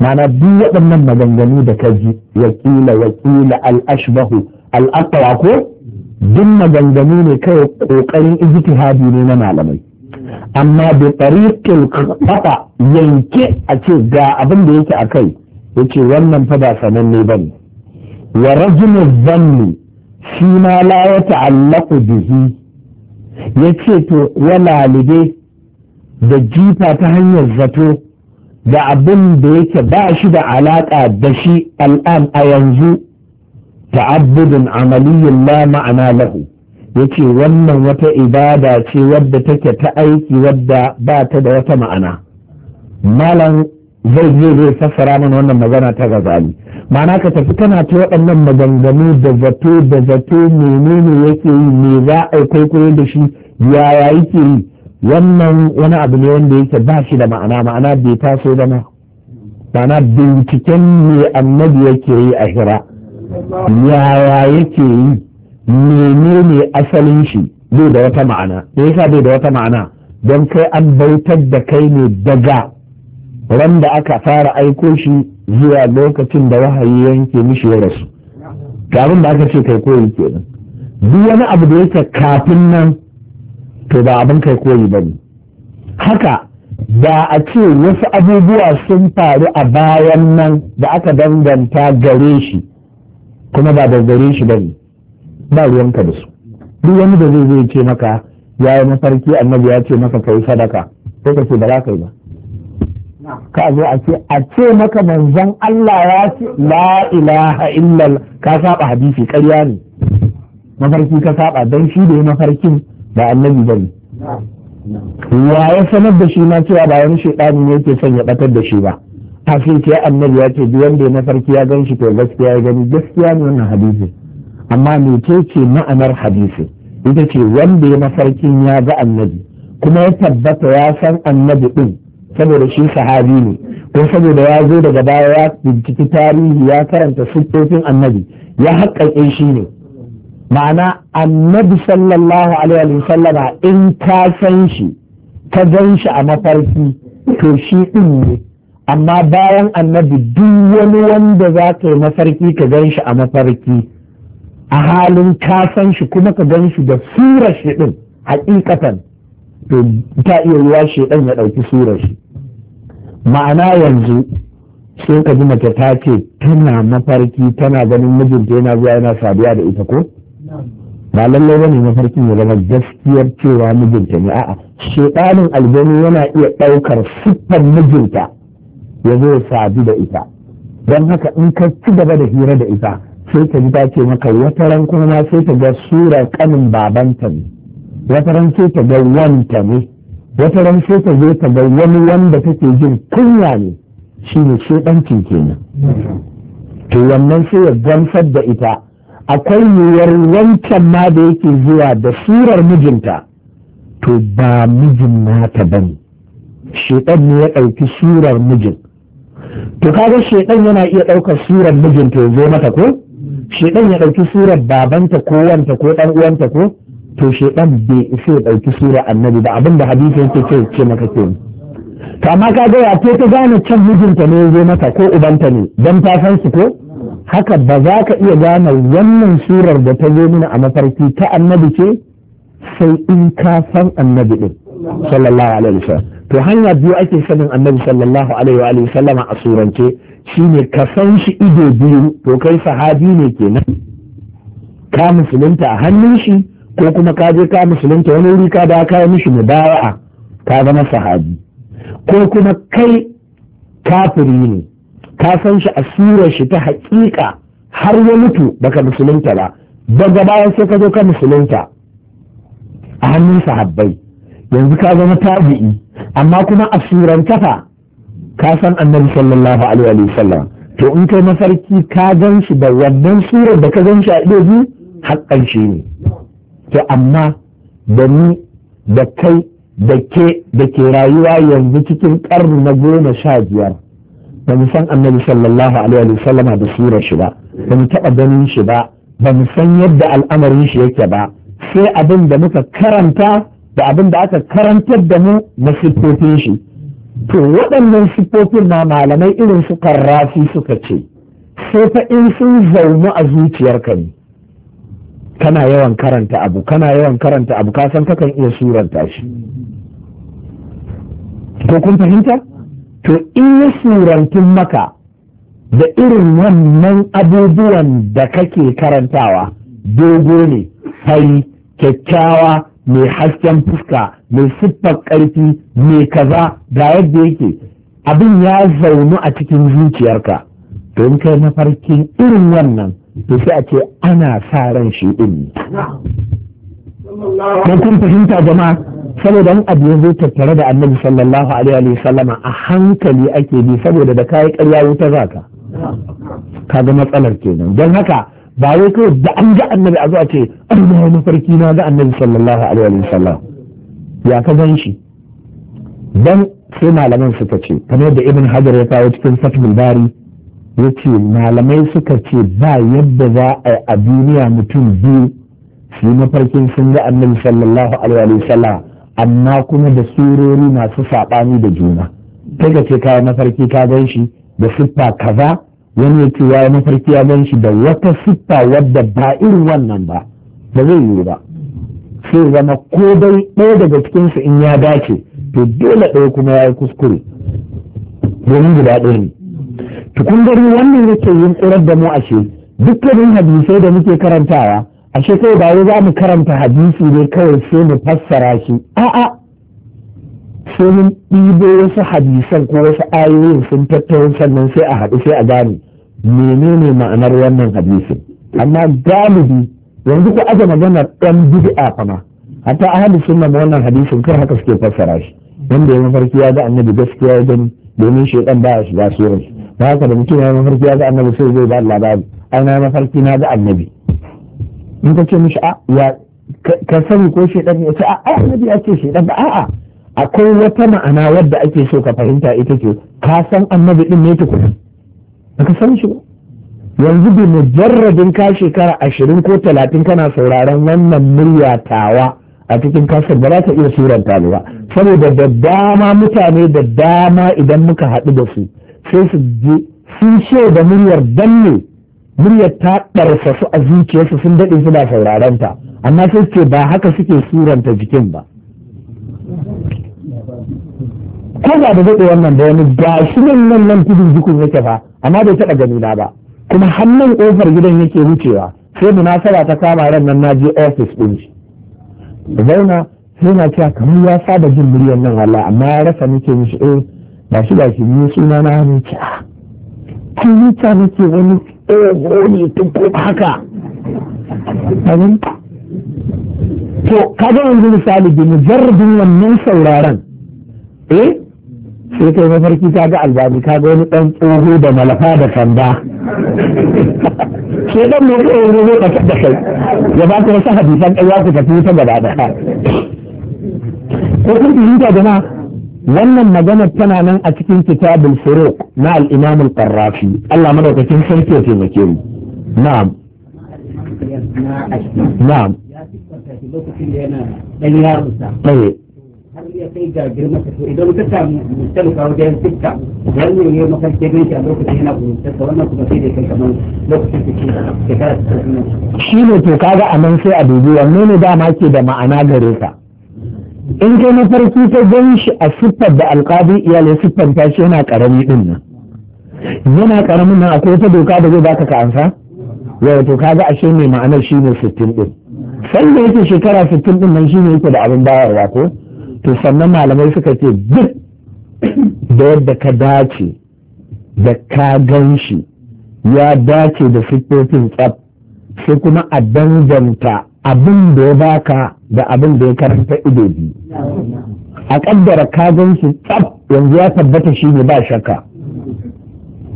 ma'ana duk waɗannan maganganu da kaji yaqila yaqila al-ashbahu al-aqwa ko duk maganganu ne kai kokarin ijtihadi ne na malamai amma bi tariqil qata yanke a ce ga abin da yake akai yace wannan fa ba sananne bane wa rajmu dhanni shi ma la ya ta'allaqu bihi yace to wala libe da jifa ta hanyar zato da abin da yake ba shi da alaka da shi al'an a yanzu ta'abbudun amaliyin la ma'ana lahu yace wannan wata ibada ce wadda take ta aiki wadda ba ta da wata ma'ana malam zai zai zai fassara mana wannan magana ta gazali ma'ana ka tafi kana ta waɗannan maganganu da zato da zato menene yake yi me za a kwaikwayo da shi yaya yake yi wannan wani abu ne wanda yake ba shi da ma'ana ma'ana bai taso da ma'ana binciken me annabi yake yi a hira yaya yake yi menene asalin shi bai da wata ma'ana yasa bai da wata ma'ana don kai an bautar da kai ne daga ran aka fara aiko shi zuwa lokacin da wahayi yanke mishi ya rasu abin da aka ce kai koyi kenan duk wani abu da yake kafin nan to ba abin kai koyi ba ne haka da a ce wasu abubuwa sun faru a bayan nan da aka danganta gare shi kuma ba gare shi bane ba ruwanka da su duk wani da zai zai ce maka ya yi mafarki annabi ya ce maka kai sadaka Ko ka ce ba za ka yi ba ka zo a ce a ce maka manzon Allah ya ce la ilaha illa ka saba hadisi ƙarya ne mafarki ka saba dan shi da ya mafarkin ba annabi bane wa ya sanar da shi ma cewa ba wani shedani ne yake son ya batar da shi ba kafin ce annabi ya ce duk wanda na mafarki ya gan shi to gaskiya ya gani gaskiya ne wannan hadisi amma me ce ma'anar hadisi ita ce wanda ya mafarkin ya ga annabi kuma ya tabbata ya san annabi din saboda shi sahabi ne ko saboda ya zo daga baya ya binciki tarihi ya karanta siffofin annabi ya haƙƙaƙe shi ne ma'ana annabi sallallahu alaihi wa in ka san shi ka gan shi a mafarki to shi din ne amma bayan annabi duk wani wanda za ka yi mafarki ka gan shi a mafarki a halin ka san shi kuma ka gan shi da sura shi din hakikatan to ta iya ruwa shi ya ɗauki sura shi ma'ana yanzu sai ka ji mace ta ce tana mafarki tana ganin mijinta yana zuwa yana saduwa da ita ko ba lallai bane mafarkin ya zama gaskiyar cewa mijinta ne a'a shedanin aljanu yana iya ɗaukar siffar mijinta ya zo ya sadu da ita don haka in ka ci gaba da hira da ita sai ta ji ta ce maka wata ran kuma sai ta ga sura kanin babanta ne wata ran sai ta ga wanta ne wata ran sai ta zo ta ga wani wanda take jin kunya ne shi ne shedancin kenan to wannan sai ya gamsar da ita akwai yiwuwar wancan ma da yake zuwa da surar mijinta to ba mijin nata bane shedan ne ya ɗauki surar mijin to kaga shedan yana iya ɗaukar surar mijinta ya zo mata ko shedan ya ɗauki surar babanta ko wanta ko ɗan uwanta ko to shedan bai isa ya ɗauki surar annabi ba abin da hadisi yake ce ce maka ke to amma kaga ya ce ta gane can mijinta ne ya zo mata ko ubanta ne dan ta san su ko haka ba za ka iya gane wannan surar da ta zo min a mafarki ta annabi ce sai in ka san annabi din sallallahu alaihi wasallam to hanya biyu ake sanin annabi sallallahu alaihi wa alihi sallama a surance shine ka san shi ido biyu to kai sahabi ne kenan ka musulunta a hannun shi ko kuma ka je ka musulunta wani wuri ka da ka yi mishi mubaya'a ka zama sahabi ko kuma kai kafiri ne ka san shi a surar shi ta haƙiƙa har ya mutu baka musulunta ba daga bayan sai ka zo ka musulunta a hannun sahabbai yanzu ka zama tabi'i amma kuma a suran kafa ka san annabi sallallahu alaihi wa sallam to in kai mafarki ka gan shi da wannan surar da ka gan shi a ido biyu haƙƙan shi ne to amma da ni da kai da ke da ke rayuwa yanzu cikin karni na goma sha biyar ba mu san annabi sallallahu alaihi wa sallama da surar shi ba ba mu taɓa ganin shi ba ba mu san yadda al'amarin shi yake ba sai abin da muka karanta da abin da aka karantar da mu na siffofin shi to waɗannan siffofin na malamai irin su karrafi suka ce sai fa in sun zaunu a zuciyar ne kana yawan karanta abu kana yawan karanta abu kasan kakan iya suranta shi to kun fahimta to in ya surantun maka da irin wannan abubuwan da kake karantawa dogo ne hari, kyakkyawa mai hasken fuska mai siffar ƙarfi mai kaza ga yadda yake abin ya zaunu a cikin zuciyarka don kai mafarkin irin wannan to sai a ce ana sa ran shi ɗin ne kun fahimta jama'a saboda in abu ya zo tattare da annabi sallallahu alaihi wa sallama a hankali ake bi saboda da kayi ƙarya wuta zaka kaga matsalar kenan don haka ba wai kawai da an ga annabi a zuwa ce Allah mafarki na ga annabi sallallahu alaihi wa sallam ya ka gan shi dan sai malaman suka ce kamar da ibn hajar ya kawo cikin fatul bari ya ce malamai suka ce ba yadda za a yi a duniya mutum biyu su mafarkin sun ga annabi sallallahu alaihi wa sallam amma kuma da surori masu saɓani da juna kai ka ce kayan mafarki ka gan shi da siffa kaza wani ya ce ya mafarki ya gan shi da wata siffa wadda ba irin wannan ba ba zai yiwu ba sai zama ko dai ɗaya daga cikinsu in ya dace to dole ɗaya kuma ya yi kuskure domin guda ɗaya ne tukun gari wannan yake yin tsirar da mu ashe dukkanin hadisai da muke karantawa ashe kai ba za mu karanta hadisi ne kawai sai mu fassara shi a'a sai mun ɗibo wasu hadisan ko wasu ayoyin sun tattaun sannan sai a haɗu sai a gane menene ma'anar wannan hadisin amma galibi yanzu ko aje maganar ɗan bid'a fama hatta ahli sunna wannan hadisin kar haka suke fassara shi wanda ya mafarki ya ga annabi gaskiya ya gani domin shaidan baya shiga surar ba haka da mutum ya mafarki ya ga annabi sai zai ba labari ai na mafarki na ga annabi in ka ce mishi a ya ka sani ko shaidan ya ce a annabi ya ce shaidan ba a'a akwai wata ma'ana wadda ake so ka fahimta ita ce ka san annabi din ne tukuna ka san shi ba. yanzu bi mujarradin ka shekara ashirin ko talatin kana sauraron wannan murya tawa a cikin kasar ba za ta iya suranta ba saboda da dama mutane da dama idan muka haɗu da su sai su je sun ce da muryar danne muryar ta ɗarsa su a zuciyarsu sun daɗe suna sauraron ta amma sai ce ba haka suke suranta jikin ba ko ba da daɗe wannan da wani gashi nan nan nan tudun jikun yake fa amma bai taɓa gani na ba kuma hannun ƙofar gidan yake wucewa sai munasara ta kama ran nan na je ofis ɗin shi zauna sai na cewa kamar ya saba jin miliyan nan walla amma ya rasa nake mishi eh ba shi ba shi ni suna na hannu ce a ah, kun yi ta nake wani tsoho ne tukko haka to kaga yanzu misali bi mujarrabin wannan sauraron eh sai kai mafarki ta ga albani ta ga wani dan tsoho da malafa da sanda sai dan mai tsoho ne zai kasar da kai ya ba ka wasu hadisan ɗan ya ku tafi ta gaba da ka ko kun fahimta ma wannan maganar tana nan a cikin kitabul furuq na al-imam al-qarrafi Allah madaukakin sarki ya taimake mu na'am na'am ya fi lokacin da yana dan yarusa eh. iya kai ga girma ta to idan ka samu misali ka wajen fitta wannan ne mafarki gan shi a lokacin yana gurutarsa wannan kuma sai da kai kamar lokacin da ke shekara ta shi ne to kaga a nan sai a dubi wanne ne dama ke da ma'ana gare ka in kai mafarki ka gan shi a siffar da alƙadi iyalai ta shi yana ƙarami ɗin nan yana ƙaramin nan akwai ta doka da zai baka ka amsa? yau to kaga ashe mai ma'anar shi ne sittin ɗin sannan yake shekara sittin ɗin nan shi ne yake da abin bayarwa ko to sannan malamai suka ce duk da yadda ka dace da ka gan shi ya dace da siffofin tsab, sai kuma a danganta abin da ya baka da abin da ya karanta ido bi. a kaddara ka gan shi tsab yanzu ya tabbata shi ne ba shakka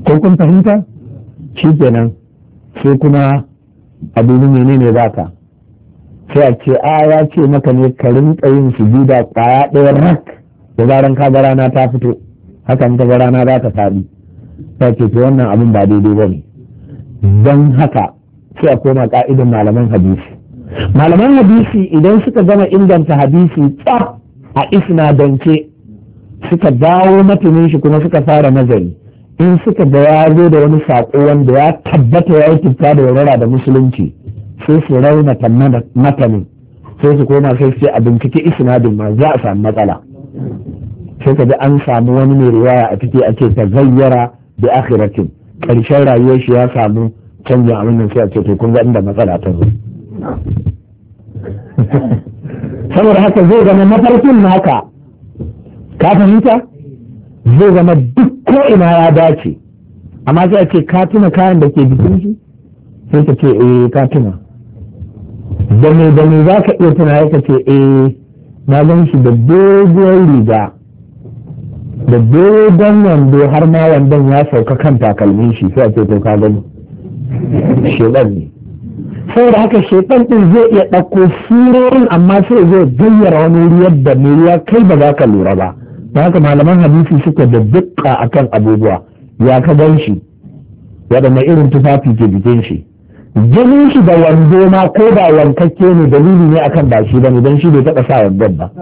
ko kun fahimta shi kenan sai kuma abin menene baka sai a ce a ya ce maka ne ka rinka yin sujuda kwaya ɗaya rak da zaran ka ga rana ta fito hakan ka ga rana za ka faɗi sai ce to wannan abin ba daidai ba ne don haka sai a koma ka'idan malaman hadisi malaman hadisi idan suka gama inganta hadisi tsaf a isnadance suka dawo matumin shi kuma suka fara nazari in suka ga ya zo da wani sako wanda ya tabbata ya yi tufka da warara da musulunci sai su raunata matalin sai su koma sai su ce a bincike isnadin ma za a samu matsala sai ka ji an samu wani mai riwaya a ciki ake ta zayyara da akhiratin karshen rayuwar shi ya samu canjin abin nan sai a ce to kun ga inda matsala ta zo (laughs) saboda haka zai zama mafarkin naka ka fahimta zai zama duk ko ina ya dace amma sai a ce ka tuna kayan da ke bikin shi sai ka ce eh ka tuna da mai da mai za ka iya tana ya ce eh na gan shi da dogon riga da dogon wando har ma wandon ya sauka kan takalmin shi sai a ce to ka gani shedan ne saboda haka shedan din zai iya ɗauko furorin amma sai zai gayyara wani wuri da mai ya kai ba za ka lura ba da haka malaman hadisi suka da dukka akan abubuwa ya ka gan shi waɗanne irin tufafi ke jikin shi Ganin shi da wando ma ko ba wankakke ne dalili ne akan ba shi bane don shi bai taɓa sa wandon ba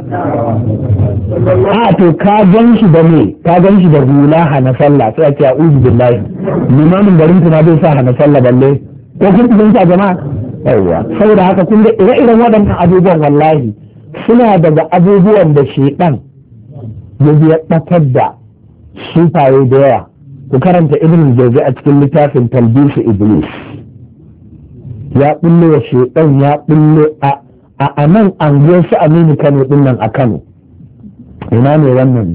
a to ka gan shi da me ka gan shi da hula hana sallah sai ake a'udhu billahi limamin garin kuna bai sa hana sallah balle ko kun kun a jama'a yawa saboda haka kun ga ire-iren waɗannan abubuwan wallahi suna daga abubuwan da shedan ya ya batar da sufaye da yawa ku karanta ibn jauzi a cikin littafin talbisu iblis ya bullo wa shedan ya bullo a a nan anguwar su aminu kano din nan a kano ina ne wannan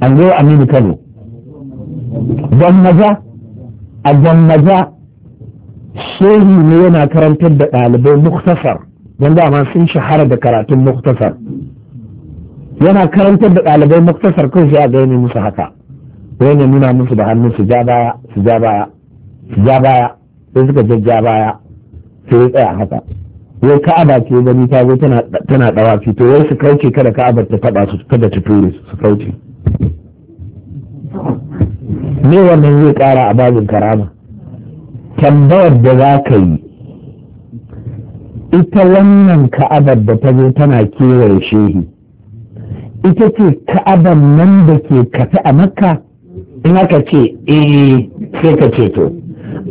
anguwar aminu kano gwamnaza a gwamnaza shehi ne yana karantar da ɗalibai muktasar don dama sun shahara da karatun muktasar yana karantar da ɗalibai muktasar kan sai a ga musu haka wai ne nuna musu da hannu su ja baya su ja baya su ja baya sai suka jajja baya sai ya tsaya haka wai ka'aba ce gani ta zo tana dawa fito wai su kauce kada ka'abar ta taba su kada ta ture su kauce me wannan zai kara a babin karama tambayar da za ka yi ita wannan ka'abar da ta zo tana kewaye shehi ita ce ka'abar nan da ke kafe a makka in aka ce eh sai ka ce to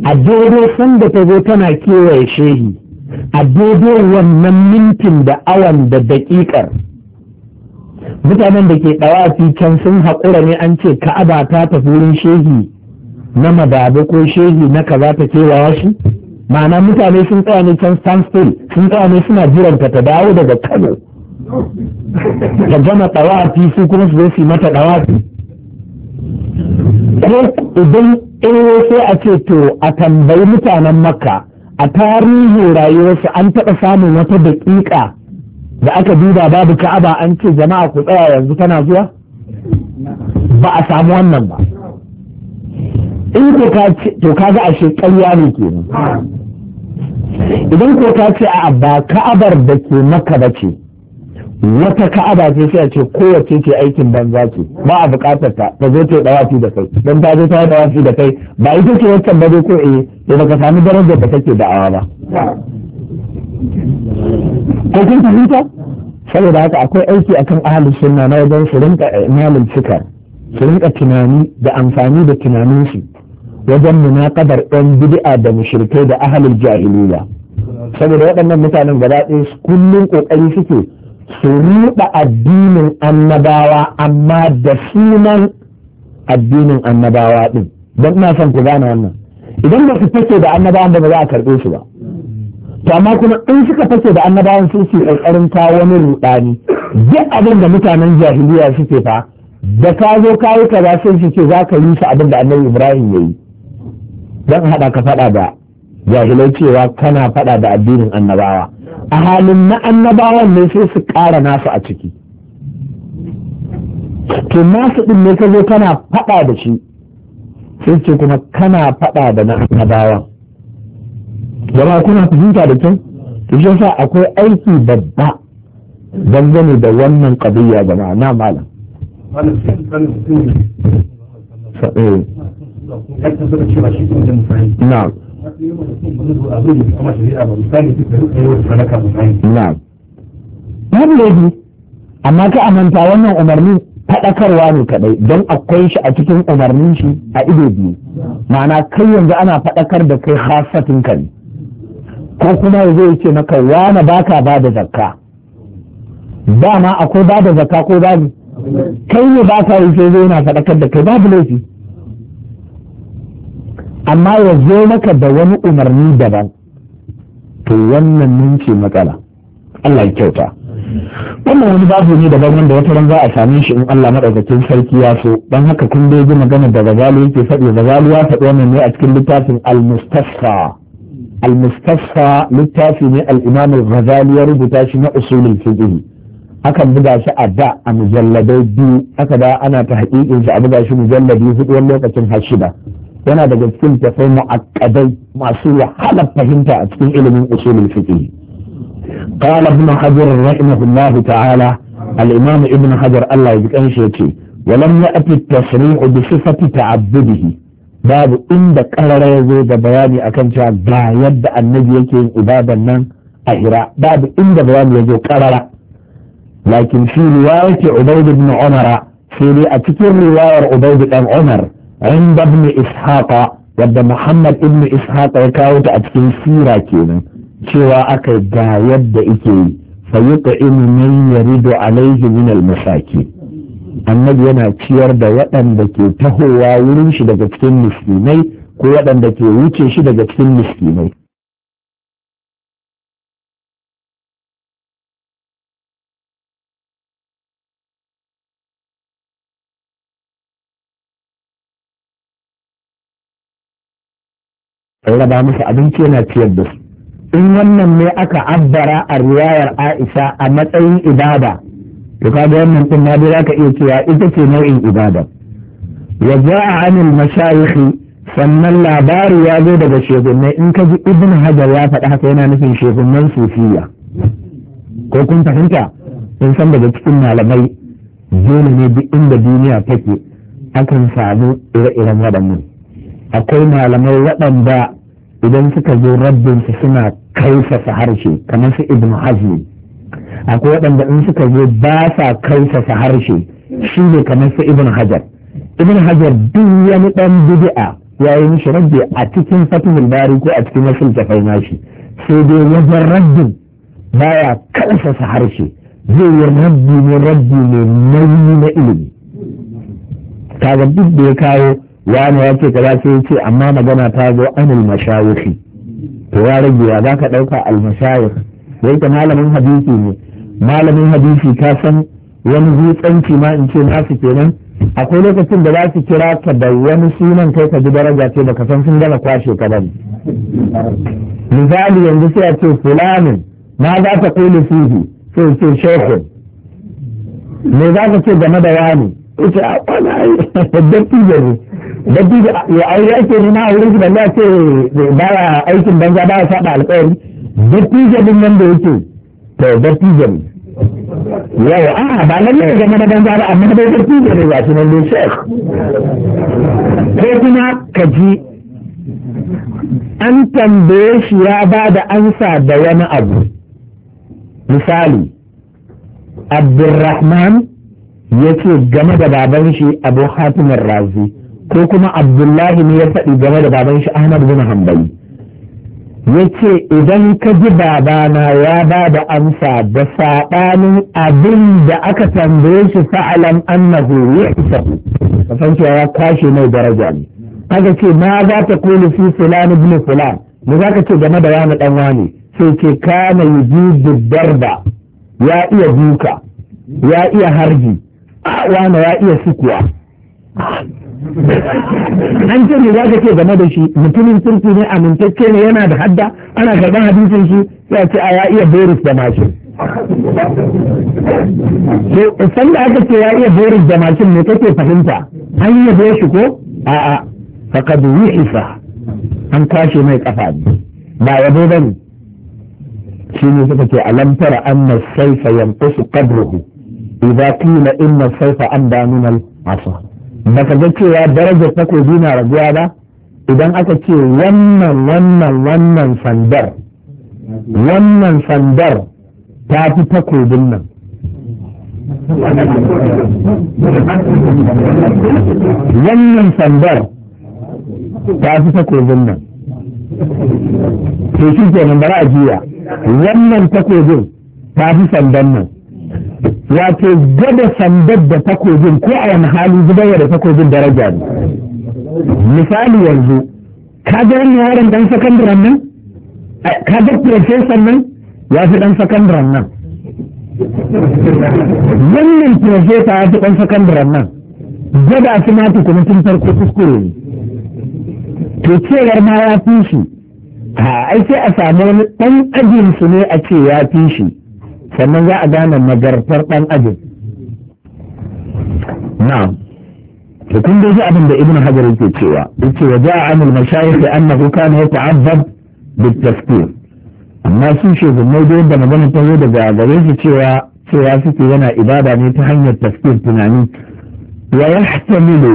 a daidai sanda ta zo tana kewaye shehi a daidai wannan mintin da awan da daƙiƙar mutanen da ke ɗawafi can sun haƙura ne an ce ka'aba ta tafi wurin shehi na madaba ko shehi na kaza ta kewaya shi ma'ana mutane sun tsaya ne can standstill sun tsaya ne suna jiranta ta dawo daga kano ta gama ɗawafi su kuma su zo su mata ɗawafi ko idan eh sai a ce to a tambayi mutanen makka a tarihin rayuwarsu an taɓa samun wata daƙiƙa da aka duba babu ka'aba an ce jama'a ku tsaya yanzu tana zuwa ba a samu wannan ba in ko ka ce to kaga ashe ƙarya ne kenan idan ko ka ce a ba ka'abar da ke maka ba ce wata ka'aba ce sai a ce kowace ce aikin banza ce ba a buƙatar ta ta zo ta dawafi da kai don ta zo ta dawafi da kai ba ita ce wancan ba zai ko eh da baka sami darajar da kake da'awa ba ko kun fahimta saboda haka akwai aiki akan ahli sunna na wajen su rinka eh, malin fikar tunani da amfani da tunaninsu wajen munaqabar ɗan bid'a da mushrikai da ahalin jahiliya saboda waɗannan mutanen gaba ɗaya kullum ƙoƙari suke su ruɗa addinin annabawa amma da sunan addinin annabawa ɗin don ina son ku gane wannan idan ba su fake da annabawan ba ba za a karɓe su ba to amma kuma in suka fake da annabawan sun su ƙarƙarin kawo wani ruɗani duk abin da mutanen jahiliya suke fa da ka zo ka yi kaza sai su ce za ka yi su abin da annabi ibrahim ya yi don haɗa ka faɗa da jahilai cewa kana faɗa da addinin annabawa a halin na annabawan ne sai su ƙara nasu a ciki to nasu ɗin ne ka zo kana faɗa da shi sai ce kuma kana faɗa da na annabawan jama'a kuna fahimta da kyau su shi sa akwai aiki babba dangane da wannan ƙadiyya jama'a na malam eh. na'am na'am amma ka amanta wannan umarnin faɗakarwa ne kaɗai don akwai shi a cikin umarnin shi a ido biyu ma'ana kai yanzu ana faɗakar da kai hasatin ka ko kuma zai ce maka wane baka ba da zakka ma akwai ba da zakka ko babu kai ne ba ka yi sai zai yana faɗakar da kai babu laifi amma ya zo maka da wani umarni daban to wannan nan matsala Allah ya kyauta wannan wani babu ne daban wanda wata ran za a same shi in Allah madaukakin sarki ya so dan haka kun dai ji magana da Ghazali yake faɗi Ghazali ya faɗi wannan ne a cikin littafin Al-Mustasfa Al-Mustasfa littafi ne al-Imam Al-Ghazali ya rubuta shi na usulul fiqh akan buga shi a da a mujalladai biyu aka da ana ta haƙiƙin shi a buga shi mujalladi hudu wani lokacin har shida yana daga cikin tafai mu'akkadai masu wahalar fahimta a cikin ilimin usulul fiqh قال ابن حجر رحمه الله تعالى الإمام ابن حجر الله يذكر شيء ولم يأتي التصريح بصفة تعبده باب إن قرر يزو بياني أكن شاء دا يد النبي يكين عبادا نان أهراء باب إن بياني يزو قرر لكن في رواية عبيد بن عمر في أتكر رواية عبيد بن عمر عند ابن إسحاق wadda Muhammad ibn Ishaq ya kawo ta a cikin sira kenan cewa aka ga yadda ike yi fa yut'imu man yaridu alayhi min al-masaki yana ciyar da waɗanda ke tahowa wurin shi daga cikin miskinai ko waɗanda ke wuce shi daga cikin miskinai raba musu abinci yana ciyar da su in wannan ne aka abbara a riwayar aisha a matsayin ibada to kaga wannan din ma za ka iya cewa ita ce nau'in ibada wa a anil mashayikh sannan labari ya zo daga shegunnai in ka ji ibn hajar ya faɗi haka yana nufin shegunnan sufiya ko kun fahimta in san daga cikin malamai dole ne duk inda duniya take akan samu ire-iren waɗannan akwai malamai waɗanda idan suka zo rabbinsu suna kausasa harshe kamar su ibn hazmi akwai waɗanda in suka zo ba sa kausasa harshe shi ne kamar su ibn hajar ibn hajar duk wani ɗan bid'a ya yi mishi rabbi a cikin fatihul bari ko a cikin wasu tafai nashi sai dai wajen rabbin baya kausasa harshe zai yi rabbi ne rabbi ne nauyi na ilimi kaga duk da ya kawo wani ya ce kaza sai ce amma magana ta zo anil mashayikhi to ya rage ya zaka dauka al mashayikh dai malamin hadisi ne malamin hadisi ka san wani hutsanci ma in ce nasu kenan akwai lokacin da za su kira ka da wani sunan kai ka ji daraja ce baka san sun gana kwashe ka ba misali yanzu sai a ce fulanin na za ta kula fihi sai ce shekun me za ka ce game da wani ita a ah, wani (laughs) dattijo ne dabbi ya aure ake nema a wurin da balle a ce baya aikin banza ba ya saba alƙawari dattijo din nan da yake to dattijo ne yau a ba lalle ya zama na banza ba amma dai dattijo ne ba shi nan dai shek ko kuma ka ji an tambaye shi ya ba da ansa da wani abu misali abdulrahman ya ce game da baban shi abu hatimin razi ko kuma abdullahi ne ya faɗi game da baban shi ahmad bin hanbali ya ce idan ka ji babana ya ba da amsa da saɓanin abin da aka tambaye shi fa'alan annahu ya isa ka san cewa ya kwashe mai daraja ne aka ce ma za ta kulu fi fulan ibn fulan da za ka ce game da yana dan wani sai ce kana yujibu darba ya iya duka ya iya harbi wani ya iya sukuwa an ce ne za ka ce game da shi mutumin kirki ne amintacce ne yana da hadda ana karɓar hadisin shi ya ce a ya iya boris da mashin san da aka ce ya iya boris da mashin ne kake fahimta an yi shi ko a'a faqad isa an kwashe mai kafa ba ya ba ne shi ne suka ce alam an na saifa yanqusu qadruhu idza qila inna saifa an min al-asa baka ga cewa darajar takobi na raguwa ba idan aka ce wannan wannan wannan sandar wannan sandar ta fi takobin nan wannan sandar ta fi takobin nan to shi ke nan bara a jiya wannan takobin ta fi sandan nan wato gada sandar da takobin ko a wani hali zubarwa da takobin daraja ne misali yanzu ka ga wani yaron dan sakandaren nan ka ga professor nan ya fi dan sakandaren nan wannan professor ya fi dan sakandaren nan gada su ma kuma tun farko kuskure ne to cewar ma ya fi shi a ai sai a samu wani dan ajinsu ne a ce ya fi shi sannan za a gane nagartar ɗan ajin na'am to kun dai ji abin da ibnu hajar yake cewa yace wa ja'a anil mashayikh annahu kana yata'abbad bit tafkir amma su shugabanni da yadda magana ta zo daga gare su cewa cewa suke yana ibada ne ta hanyar tafkir tunani wa yahtamilu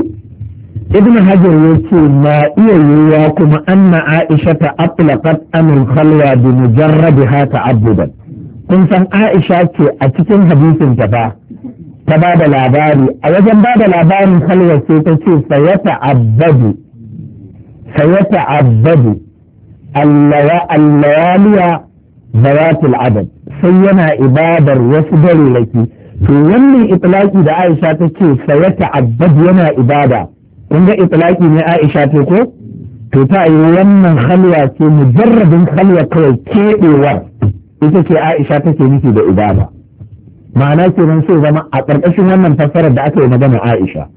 ibn hajar yace na iya yiwuwa kuma anna aisha ta atlaqat anil khalwa bi mujarradiha ta'abbudan kun san Aisha ce a cikin hadisin ta ba ta ba da labari a wajen ba da labarin halwar sai ta ce sayata Abadu, sayata abbadu allawaliya zawatul adad sai yana ibadar wasu darelaki to wannan itlaki da Aisha ta ce sayata Abadu yana ibada kun ga itlaki ne Aisha ta ko to ta yi wannan halwa ce mujarrabin halwa kawai keɓewar ita ce Aisha take nufi da ibada ma'ana kenan sai zama a ƙarƙashin wannan fassarar da aka yi magana Aisha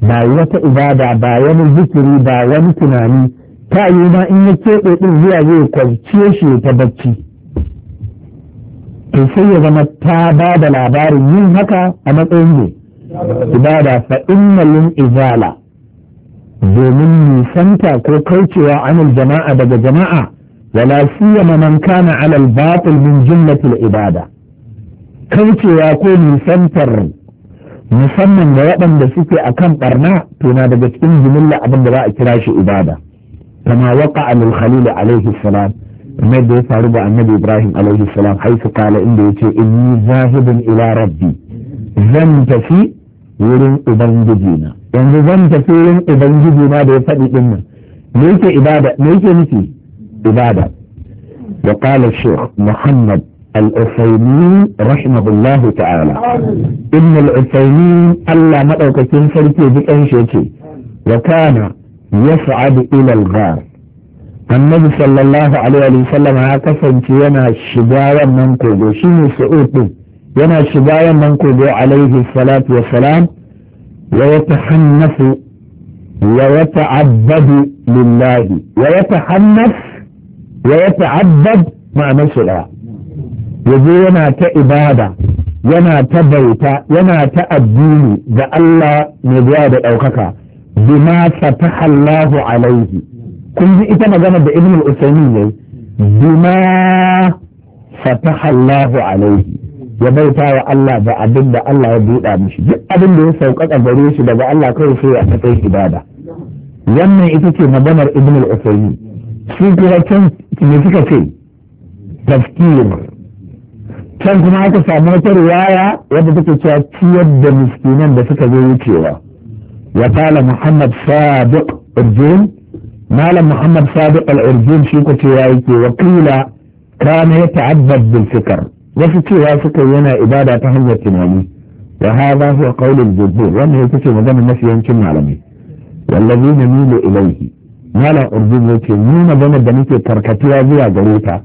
ba wata ibada ba wani zikiri ba wani tunani ta yi ma in ya keɓe ɗin zuwa zai kwanciye shi ta bacci to sai ya zama ta ba da labarin yin haka a matsayin ne ibada fa innalin izala domin nisanta ko kaucewa anil jama'a daga jama'a wala siyama man kana ala al-batil min jumlatil ibada kaucewa ko nisantar musamman da waɗanda suke a kan ɓarna, to na daga cikin jumilla abin da za a kira shi ibada kama waka al khalil alaihi salam kamar da ya faru da annabi ibrahim alaihi salam haifu kala inda ya ce inni zahidun ila rabbi zan tafi wurin ubangiji na yanzu zan tafi wurin ubangiji na da ya faɗi ɗin nan me yake ibada me yake nufi عبادة وقال الشيخ محمد العثيمين رحمه الله تعالى ان العثيمين ألا مدوك كن فرقه بأن شيكي وكان يصعد الى الغار النبي صلى الله عليه وسلم هكذا انتي ينا شبايا منكوبو شنو سؤوتو ينا شبايا منكوبو عليه الصلاة والسلام ويتحنث ويتعبد لله ويتحنث wa ya ta'abbad ma'anar shi ya zo yana ta ibada yana ta bauta yana ta addini ga Allah mai biya da ɗaukaka bima fataha Allahu alaihi kun ji ita magana da Ibn al-Usaymin yayi bima fataha Allahu alaihi ya bauta wa Allah da abin da Allah ya buɗa mishi duk abin da ya sauƙaƙa gare shi daga Allah kawai sai ya tafi ibada wannan ita ce maganar Ibn al-Usaymin فكرة نفكة تفكير كان كما أنت سامعت رواية وبدك تأتي يد مسكينا بفكة ويتيرا وقال محمد صادق أرجين ما لم محمد صادق الأرجين شو كتيرايك وقيل كان يتعبد بالفكر وفكرة فكرة هنا إبادة تهمة تنوني وهذا هو قول الجبور وأنه يكتب مدام الناس ينكم عالمي والذين ميلوا إليه malam urzub yake nuna magana da nake karkatuwa zuwa gare ta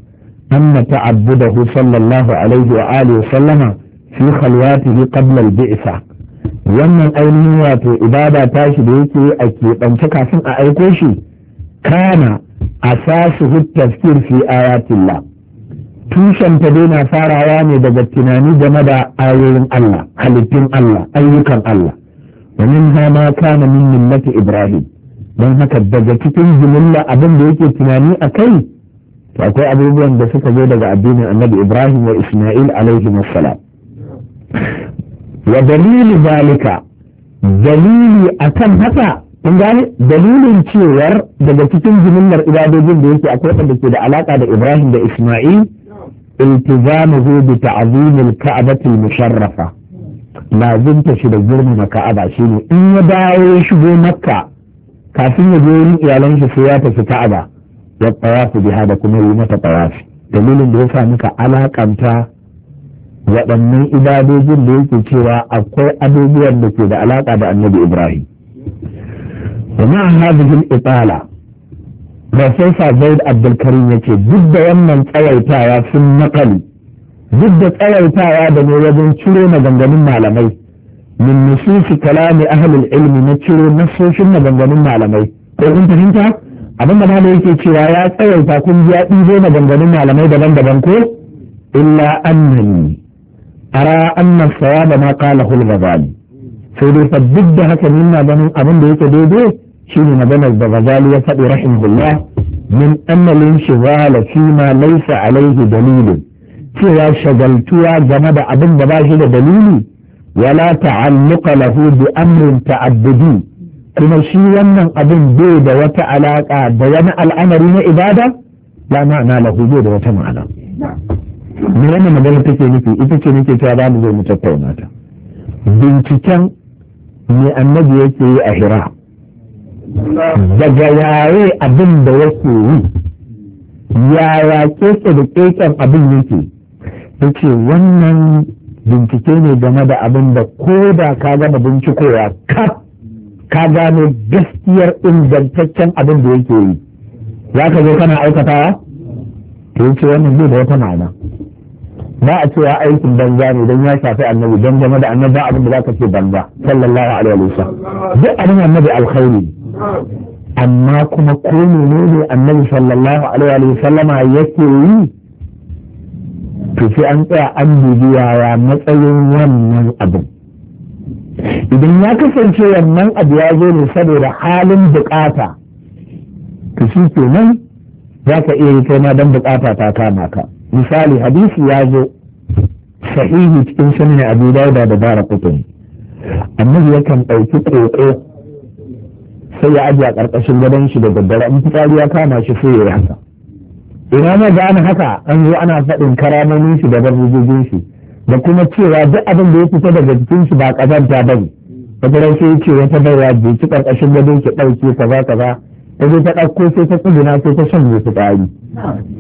anna ta'abbudahu sallallahu alaihi wa alihi sallama fi khalwatihi qabla al-bi'sa wannan ainihin wato ibada tashi da yake a keɓance kafin a aiko shi kana asasuhu tafsir fi ayatillah tushen ta dai na farawa ne daga tunani game da ayoyin Allah halittun Allah ayyukan Allah wa min ma kana min millati ibrahim don haka daga cikin jimilla abin da yake tunani a kai to akwai abubuwan da suka zo daga addinin annabi ibrahim wa isma'il alaihi wassalam wa dalili zalika dalili akan haka kun gane dalilin cewar daga cikin jimillar ibadojin da yake akwai wanda ke da alaka da ibrahim da isma'il iltizamuhu bi ta'zim al-ka'bah al-musharrafa lazimta shi da girmama ka'aba shine in ya dawo ya shigo makka kafin ya je wurin iyalan shi sai ya tafi ka'aba ya tsaya su biha da kuma yi mata tsawafi dalilin da ya sa muka alakanta waɗannan ibadojin da yake cewa akwai abubuwan da ke da alaƙa da annabi ibrahim da ma an hazikin itsala rasulsa zaid abdulkarim ya ce duk da wannan tsawaitawa sun makali duk da tsawaitawa da ne wajen ciro maganganun malamai min nususi kalami ahlul ilmi na ciro nasoshin maganganun malamai ko kun fahimta abin da malai yake cewa ya tsawaita kun ya ɗibo maganganun malamai daban-daban ko illa annani ara anna sawaba ma qala hul ghazali sai dai fa duk da haka ni na ganin abin da yake daidai shine maganar da ghazali ya faɗi rahimahullah min anna lin shighala fi ma laysa alayhi dalilin cewa shagaltuwa game da abin da ba shi da dalili wala ta'alluqa lahu bi amrin ta'abbudi kuma shi wannan abin bai da wata alaƙa da wani al'amari na ibada la ma'ana lahu bai da wata ma'ana me wannan magana ita ce nake cewa za mu zo mu tattauna ta binciken me annabi yake yi a hira daga yare abin da yake yi yaya keke da keken abin yake yake wannan bincike ne game da abin da ko da ka gama bincikowa kaf ka gano gaskiyar ingantaccen abin da yake yi za ka zo kana aikatawa to yace wannan zai da wata ma'ana ba a cewa aikin banza ne don ya shafi annabi don game da annabi abin da za ka ce banza sallallahu alaihi wa sallam duk abin annabi alkhairi amma kuma ko ne annabi sallallahu alaihi wa sallama yake yi to sai an tsaya an dubi yaya matsayin wannan abin idan ya kasance wannan abu ya zo ne saboda halin bukata to shi ke nan za ka iya yi kai ma don bukata ta kama ka misali hadisi ya zo sahihi cikin sunan abu dauda da bara amma ya yakan ɗauki ƙoƙo sai ya ajiye a ƙarƙashin gadon shi da daddare in fitsari ya kama shi sai ya yi haka ina da an haka an zo ana faɗin karamomin shi da barujojin shi da kuma cewa duk abin da ya fita daga jikin shi ba kazanta ba ne wata ran sai ce wata baiwa bai ci karkashin gado ki ɗauke kaza kaza ta zo ta ɗauko sai ta tsuguna sai ta wasu fitsari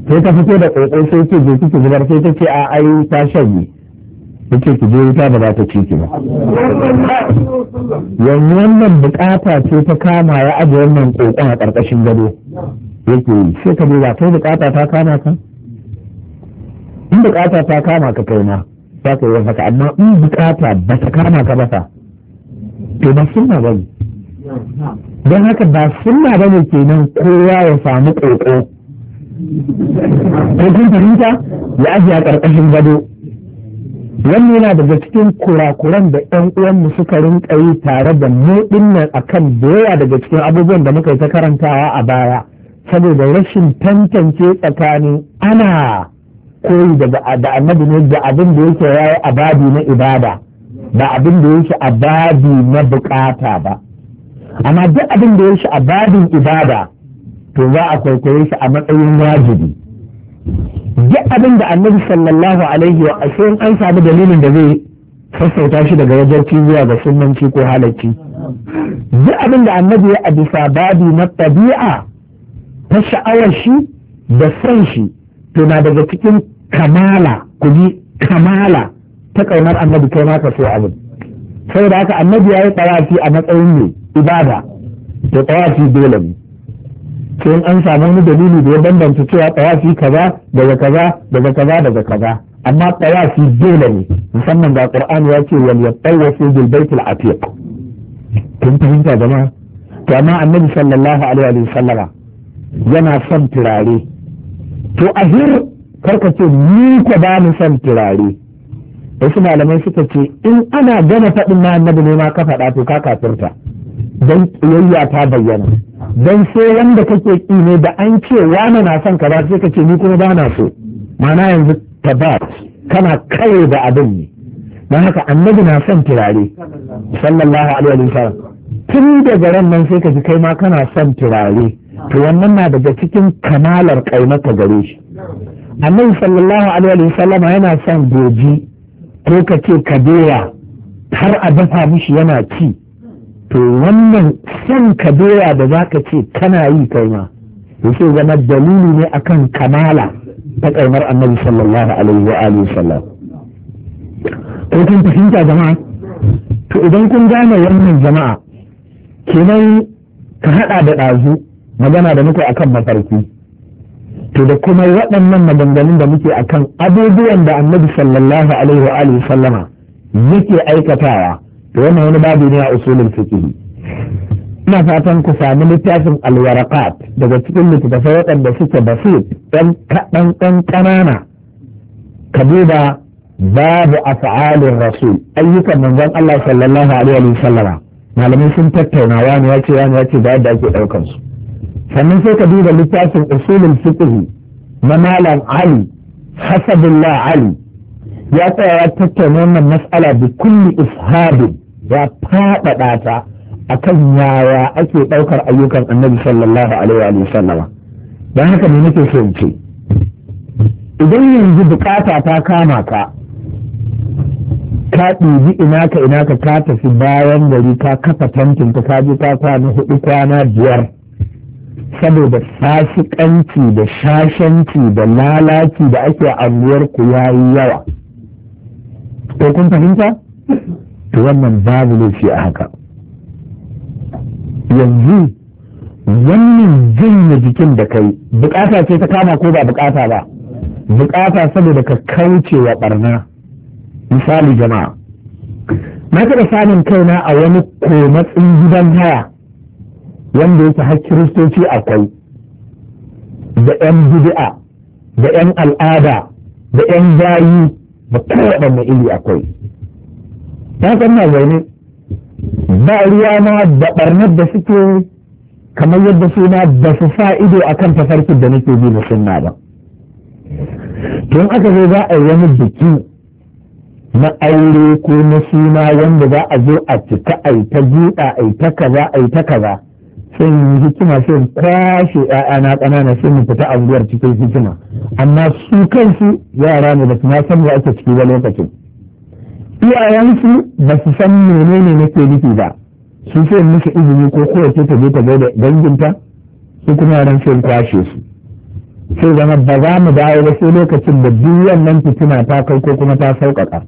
sai ta fito da ƙoƙo sai ce je ki zubar sai ta ce a ai ta shanye ta ce ki je wuta ba za ta ci ki ba yanzu wannan bukata ce ta kama ya ajiye wannan ƙoƙon a ƙarƙashin gado yake yi sai ka ba kai bukata ta kama ka in bukata ta kama ka kai ma za ka yi haka amma in bukata ba ta kama ka ba fa to ba sunna ba ne don haka ba sunna ba ne kenan kowa ya samu ƙoƙo ko kun fahimta ya ajiye a ƙarƙashin gado wannan yana daga cikin kurakuran da ɗan uwanmu suka rinka yi tare da mu nan akan da yawa daga cikin abubuwan da muka yi ta karantawa a baya saboda rashin tantance tsakanin ana koyi da annabi ne da abin da yake yayi a na ibada ba abin da yake a babi na bukata ba amma duk abin da yake a ibada to za a kwaikwaye shi a matsayin wajibi duk abin da annabi sallallahu alaihi wa ashirin an samu dalilin da zai sassauta shi daga wajarci zuwa ga sunanci ko halacci duk abin da annabi ya a bisa babi na tabi'a ta sha'awar shi da son shi to na daga cikin kamala ku ji kamala ta kaunar annabi kai ka so abin saboda haka annabi ya yi tsawafi a matsayin ne ibada Da tsawafi dole ne sai an samu wani dalili da ya bambanta cewa tsawafi kaza daga kaza daga kaza daga kaza amma tsawafi dole ne musamman ga qur'ani ya ce wal yatawafu bil baitil atiq kun fahimta jama'a to amma annabi sallallahu alaihi wa sallama yana son turare to ahir karka ce ni ka ba ni son turare wasu malamai suka ce in ana gana faɗin na annabi ne ma ka faɗa to ka kafirta don ƙiyayya ta bayyana don sai wanda kake ƙi da an ce wani na son ka ba sai ka ce ni kuma ba na so mana yanzu tabat kana kare da abin ne don haka annabi na son turare sallallahu alaihi wa tun daga ran nan sai ka ji kai ma kana son turare to wannan na daga cikin kamalar kaimata gare shi annabi sallallahu alaihi wa wasallam yana son goji ko ka ce kabeya har a dafa mishi yana ci to wannan son kabeya da za ka ce kana yi kai ma yake zama dalili ne akan kamala ta kaimar annabi sallallahu alaihi wa sallam. ko kun fahimta jama'a to idan kun gane wannan jama'a kenan ka hada da ɗazu magana da muke akan mafarki to da kuma waɗannan maganganun da muke akan abubuwan da annabi sallallahu alaihi wa alihi sallama yake aikatawa to wannan wani babu ne a usulul fiqh ina fatan ku sami littafin alwarakat daga cikin littattafai waɗanda suke basit ɗan kaɗan ɗan ƙanana ka duba babu af'alin rasul ayyukan manzon Allah sallallahu alaihi wa sallama malamai sun tattaunawa wani ya ce ya ce da yadda ake su. sannan sai ka duba littafin usulin fiqh na malam ali hasabullah ali ya tsaya ya tattauna wannan mas'ala da kulli ishabin ya faɗaɗa ta akan yaya ake ɗaukar ayyukan annabi sallallahu alaihi wa sallama don haka ne nake so ce idan yanzu bukata ta kama ka ka ɗibi ina ka ina ka ka tafi bayan gari ka kafa tantin ka je ka kwana hudu kwana biyar saboda fasikanci da shashanci da lalaci da ake anguwar ku yayi yawa ko kun fahimta to wannan babu laifi a haka yanzu wannan janye jikin da kai bukata ce ta kama ko ba bukata ba bukata saboda ka kauce wa barna misali jama'a na taɓa samun kaina a wani komatsin gidan haya wanda yake har kiristoci akwai da 'yan bid'a da 'yan al'ada da 'yan gayi da mai iri akwai ta san na zaune ba ruwa na da ɓarnar da suke kamar yadda suna ba su sa ido a kan tafarkin da nake bi da sunna ba tun aka zo za a yi wani biki na aure ko na suna wanda za a zo a cika a yi ta juɗa a yi ta kaza a yi ta kaza sai mu hikima sai kwashe ya'yana ƙanana sai mu fita anguwar cikin hikima amma su kansu yara ne da su ma san ake ciki ba lokacin iyayensu ba su san menene nake nufi ba su sai musu izini ko kowace ta je ta ga da danginta su kuma yaran sai kwashe su sai zama ba za mu dawo ba sai lokacin da duk wannan fitina ta kai ko kuma ta sauƙaƙa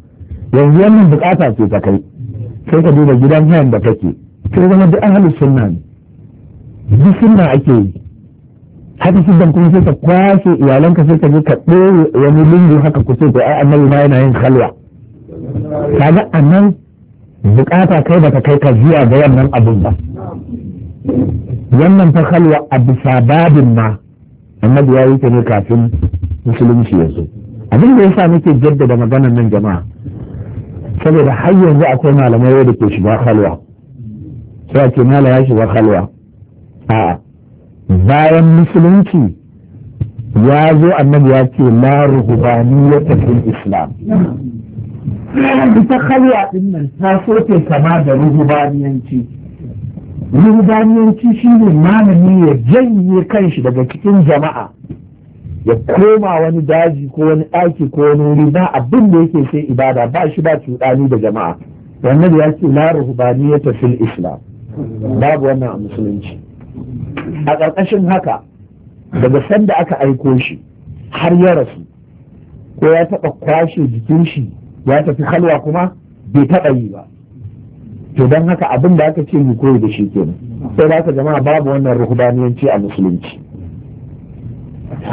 yanzu wannan bukata ce ta kai sai ka duba gidan hayan da kake sai zama duk ahlus sunna ne duk sunna ake yi haka siddan kuma sai ka kwashe iyalanka sai ka je ka ɗore wani lungu haka ku ce ko ai annabi ma yana yin halwa kaga anan bukata kai baka kai ka jiya ga wannan abun ba wannan ta halwa a bisa babin ma annabi ya yi ta ne kafin musulunci ya zo abin da yasa nake jaddada maganar nan jama'a saboda har yanzu akwai malamai da ke shiga halwa sai ake ce ya shiga halwa a bayan musulunci ya zo annabi ya ce la ya tafi islam ita kalwa din nan ta kama da ruhubaniyanci ruhubaniyanci ne malami ya janye kanshi daga cikin jama'a ya koma wani daji ko wani ɗaki ko wani wuri ba abin da yake sai ibada ba shi ba cuɗani da jama'a wannan ya ce la ruhubaniyata fil islam babu wannan a musulunci a ƙarƙashin haka daga sanda aka aiko shi har ya rasu ko ya taɓa kwashe jikin shi ya tafi halwa kuma bai taɓa yi ba to don haka abin da aka ce mu koyi da shi kenan sai da haka jama'a babu wannan ruhudaniyanci a musulunci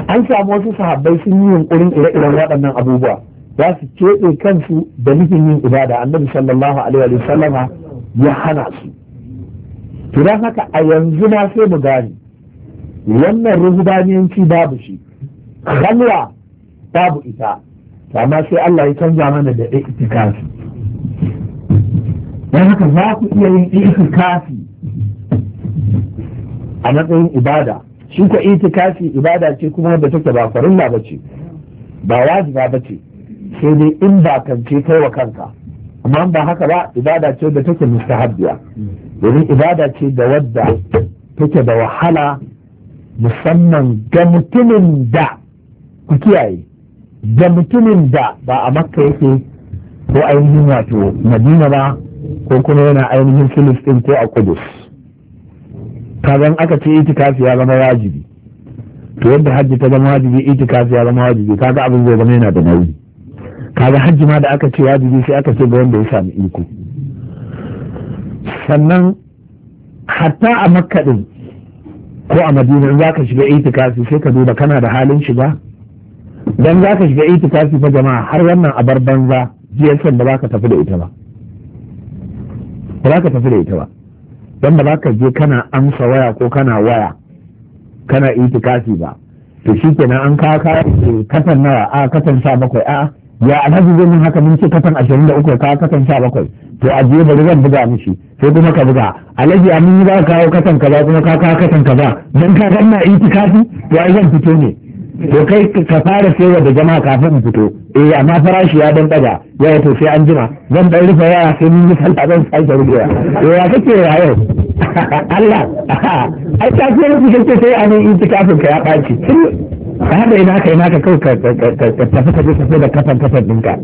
an samu wasu sahabbai sun yi yunkurin ire-iren waɗannan abubuwa za su keɓe kansu da nufin yin ibada annabi sallallahu alaihi wa sallama ya hana su to haka a yanzu na sai mu gane wannan ruhubaniyanci babu shi halwa babu ita amma sai Allah ya canza mana da itikafi don haka za ku iya yin itikafi a matsayin ibada shi ko itikafi ibada ce kuma da take ba farin ba ce ba wajiba ba ce sai dai in ba kance kai wa kanka amma ba haka ba ibada ce da take mustahabbiya domin ibada ce da wadda take da wahala musamman ga mutumin da ku kiyaye ga mutumin da ba a makka yake ko ainihin wato madina ba ko kuma yana ainihin filistin ko a kudus kazan aka ce itikafi ya zama wajibi to yadda hajji ta zama wajibi itikafi ya zama wajibi kaga abin zai zama yana da nauyi kaga hajji ma da aka ce wajibi sai aka ce ga wanda ya sami iko sannan hatta a makka ɗin ko a madina za ka shiga itikafi sai ka duba kana da halin shiga dan za ka shiga itikafi fa jama'a har wannan abar banza jiyasan da za ka tafi da ita ba ba za ka tafi da ita ba don ba za ka je kana amsa waya ko kana waya kana itikafi ba to shi kenan an kawo kawo katan nawa a katan sa bakwai a ya alhaji zai mun haka mun ce katan ashirin da uku kawo katan sa bakwai to a je bari zan buga mishi sai kuma ka buga alhaji amin ba kawo katan ba kuma ka kawo katan ba dan ka ga ina kafi to ai zan fito ne to kai ka fara sayarwa da jama'a kafin in fito eh amma farashi ya dan daga ya to sai an jima zan dan rufe yaya sai mun yi sallah zan sake rubewa to ya kake rayo yau (laughs) Allah (laughs) ai ta ce ku kike sai an yi itikafin ka ya baci ka hada ina ka naka ka kawai ka tafi ka je ka da kafan kafan dinka (laughs)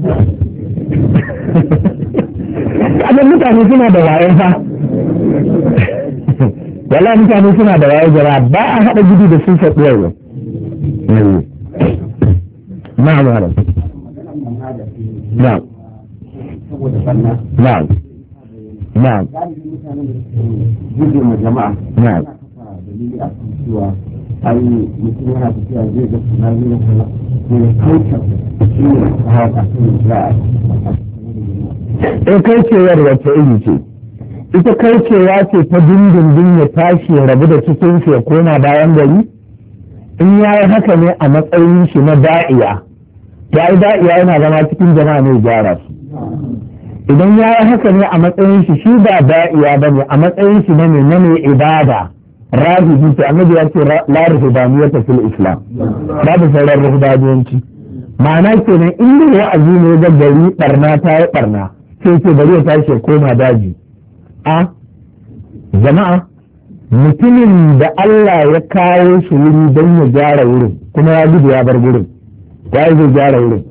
kasan mutane suna da wayar fa wallahi mutane suna da wayar jama'a ba a haɗa gudu da sun faɗi yau ma'amara na'am na'am na'am Na ai mutum yana tafiya zai ga suna zai ga suna shi ne a haka in kai wata iri ce ita kai ce ta dindindin ya tashi ya rabu da cikin shi ya koma bayan gari in ya yi haka ne a matsayin shi na da'iya ya yi da'iya yana zama cikin jama'a mai gyara su idan ya yi haka ne a matsayin shi shi ba da'iya ba ne a matsayin shi na ne na ibada rahibi ce annabi ya ce la ya fil islam babu sauran ruhubaniyanci ma'ana kenan in wa'azi ne ga gari barna ta yi barna sai ce bari ya tashi ya koma daji a jama'a mutumin da Allah ya kawo shi wuri don ya gyara wurin kuma ya gudu ya bar wurin, ya zai gyara wurin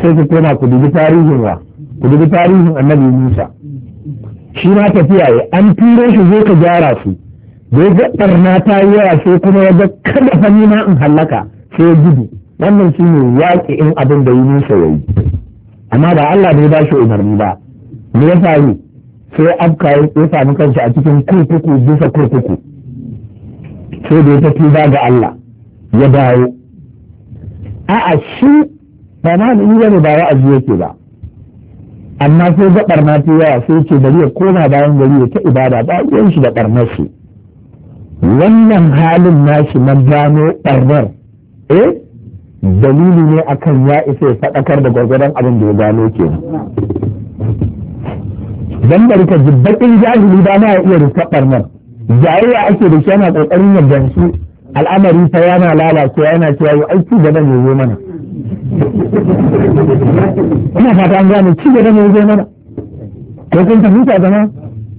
sai ku koma ku dubi tarihin wa ku dubi tarihin annabi Musa shi ma tafiya ya an turo shi zo ka gyara su da ya ga na ta yi yawa sai kuma ya ga kada fa ma in hallaka sai ya gudu wannan shi ne yaƙi in abin da yi Musa ya yi amma ba Allah bai ba shi umarni ba me ya faru sai afka ya sami kansa a cikin kurkuku bisa kurkuku sai da ya tafi ba ga Allah ya dawo a'a shi ba ma ni bane ba wa'azi yake ba amma sai ga barna ta yawa sai ce bari ya koma bayan gari ya ta ibada ba ruwan shi da barnar wannan halin nashi na gano barnar eh dalili ne akan ya isa ya faɗakar da gwargwadon abin da ya gano ke dan da rika jibbatin jahili ba na, iya rufaɓar nan jayayya ake da shi yana ƙoƙarin yadda su al'amari fa yana lalacewa yana cewa yau aiki da nan yanzu mana ina fata an gane ci da nan zo mana ko kun ta zama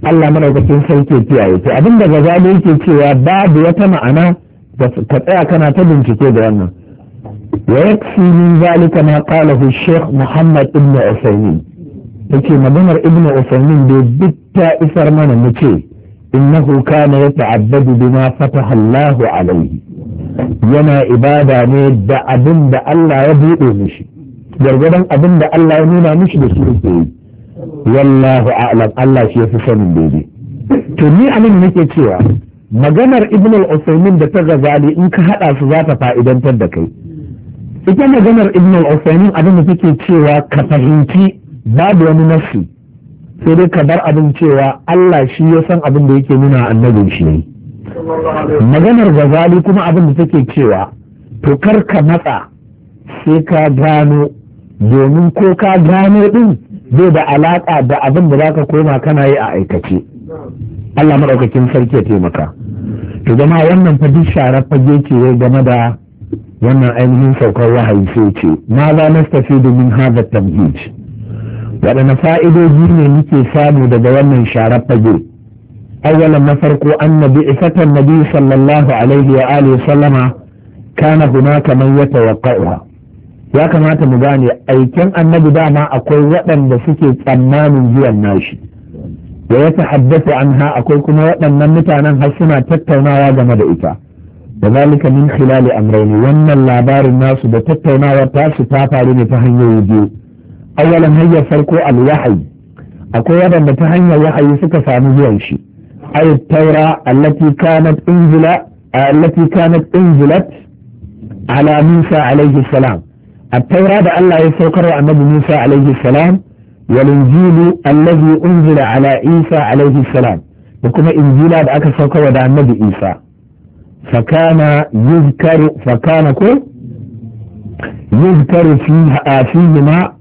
Allah mana sai ke kiyaye to abin da gazali yake cewa babu wata ma'ana ka tsaya kana ta bincike da wannan ويكفي من ذلك ما قاله الشيخ محمد ابن عثيمين yake maganar ibnu usaimin bai duk ta isar mana mu ce innahu kana yata'abbadu bima fataha Allah alaihi yana ibada ne da abin da Allah ya buɗe mishi gargadan abin da Allah ya nuna mishi da shi yake yi wallahu a'lam Allah shi yafi sanin to ni anan nake cewa maganar ibnu da ta gazali in ka hada su za ta fa'idantar da kai ita maganar ibn al abinda abin da suke cewa ka fahimci babu wani nafsi sai dai ka bar abin cewa Allah shi ya san abin da yake nuna annabin shi ne maganar gazali kuma abin da take cewa to kar ka matsa sai ka gano domin ko ka gano din zai da alaƙa da abin da zaka koma kana yi a aikace Allah maɗaukakin sarki ya taimaka to jama'a wannan fa duk sharar fage ce game da wannan ainihin saukar wahayi sai ce ma za nastafidu domin hadha tamhid waɗanne fa'idoji ne muke samu daga wannan sharar fage أولا na farko annabi النبي صلى الله عليه وآله وسلم كان هناك من يتوقعها ya kamata mu gane aikin annabi dama akwai waɗanda suke tsammanin zuwan nashi da ya haddasa anha akwai kuma waɗannan mutanen har suna tattaunawa game da ita وذلك من خلال أمرين وأن اللابار الناس بتتنا وتاس تافارين تهني وجو أولا هي فرق الوحي أقول أن تهني وحي سكسان زوجي أي التوراة التي كانت أنزل التي كانت أنزلت على موسى عليه السلام التوراة الله يفكر عن موسى عليه السلام والإنجيل الذي أنزل على عيسى عليه السلام وكما إنجيل أكثر عن النبي عيسى fakana yuzkaru fakana ko yuzkaru fi fihi ma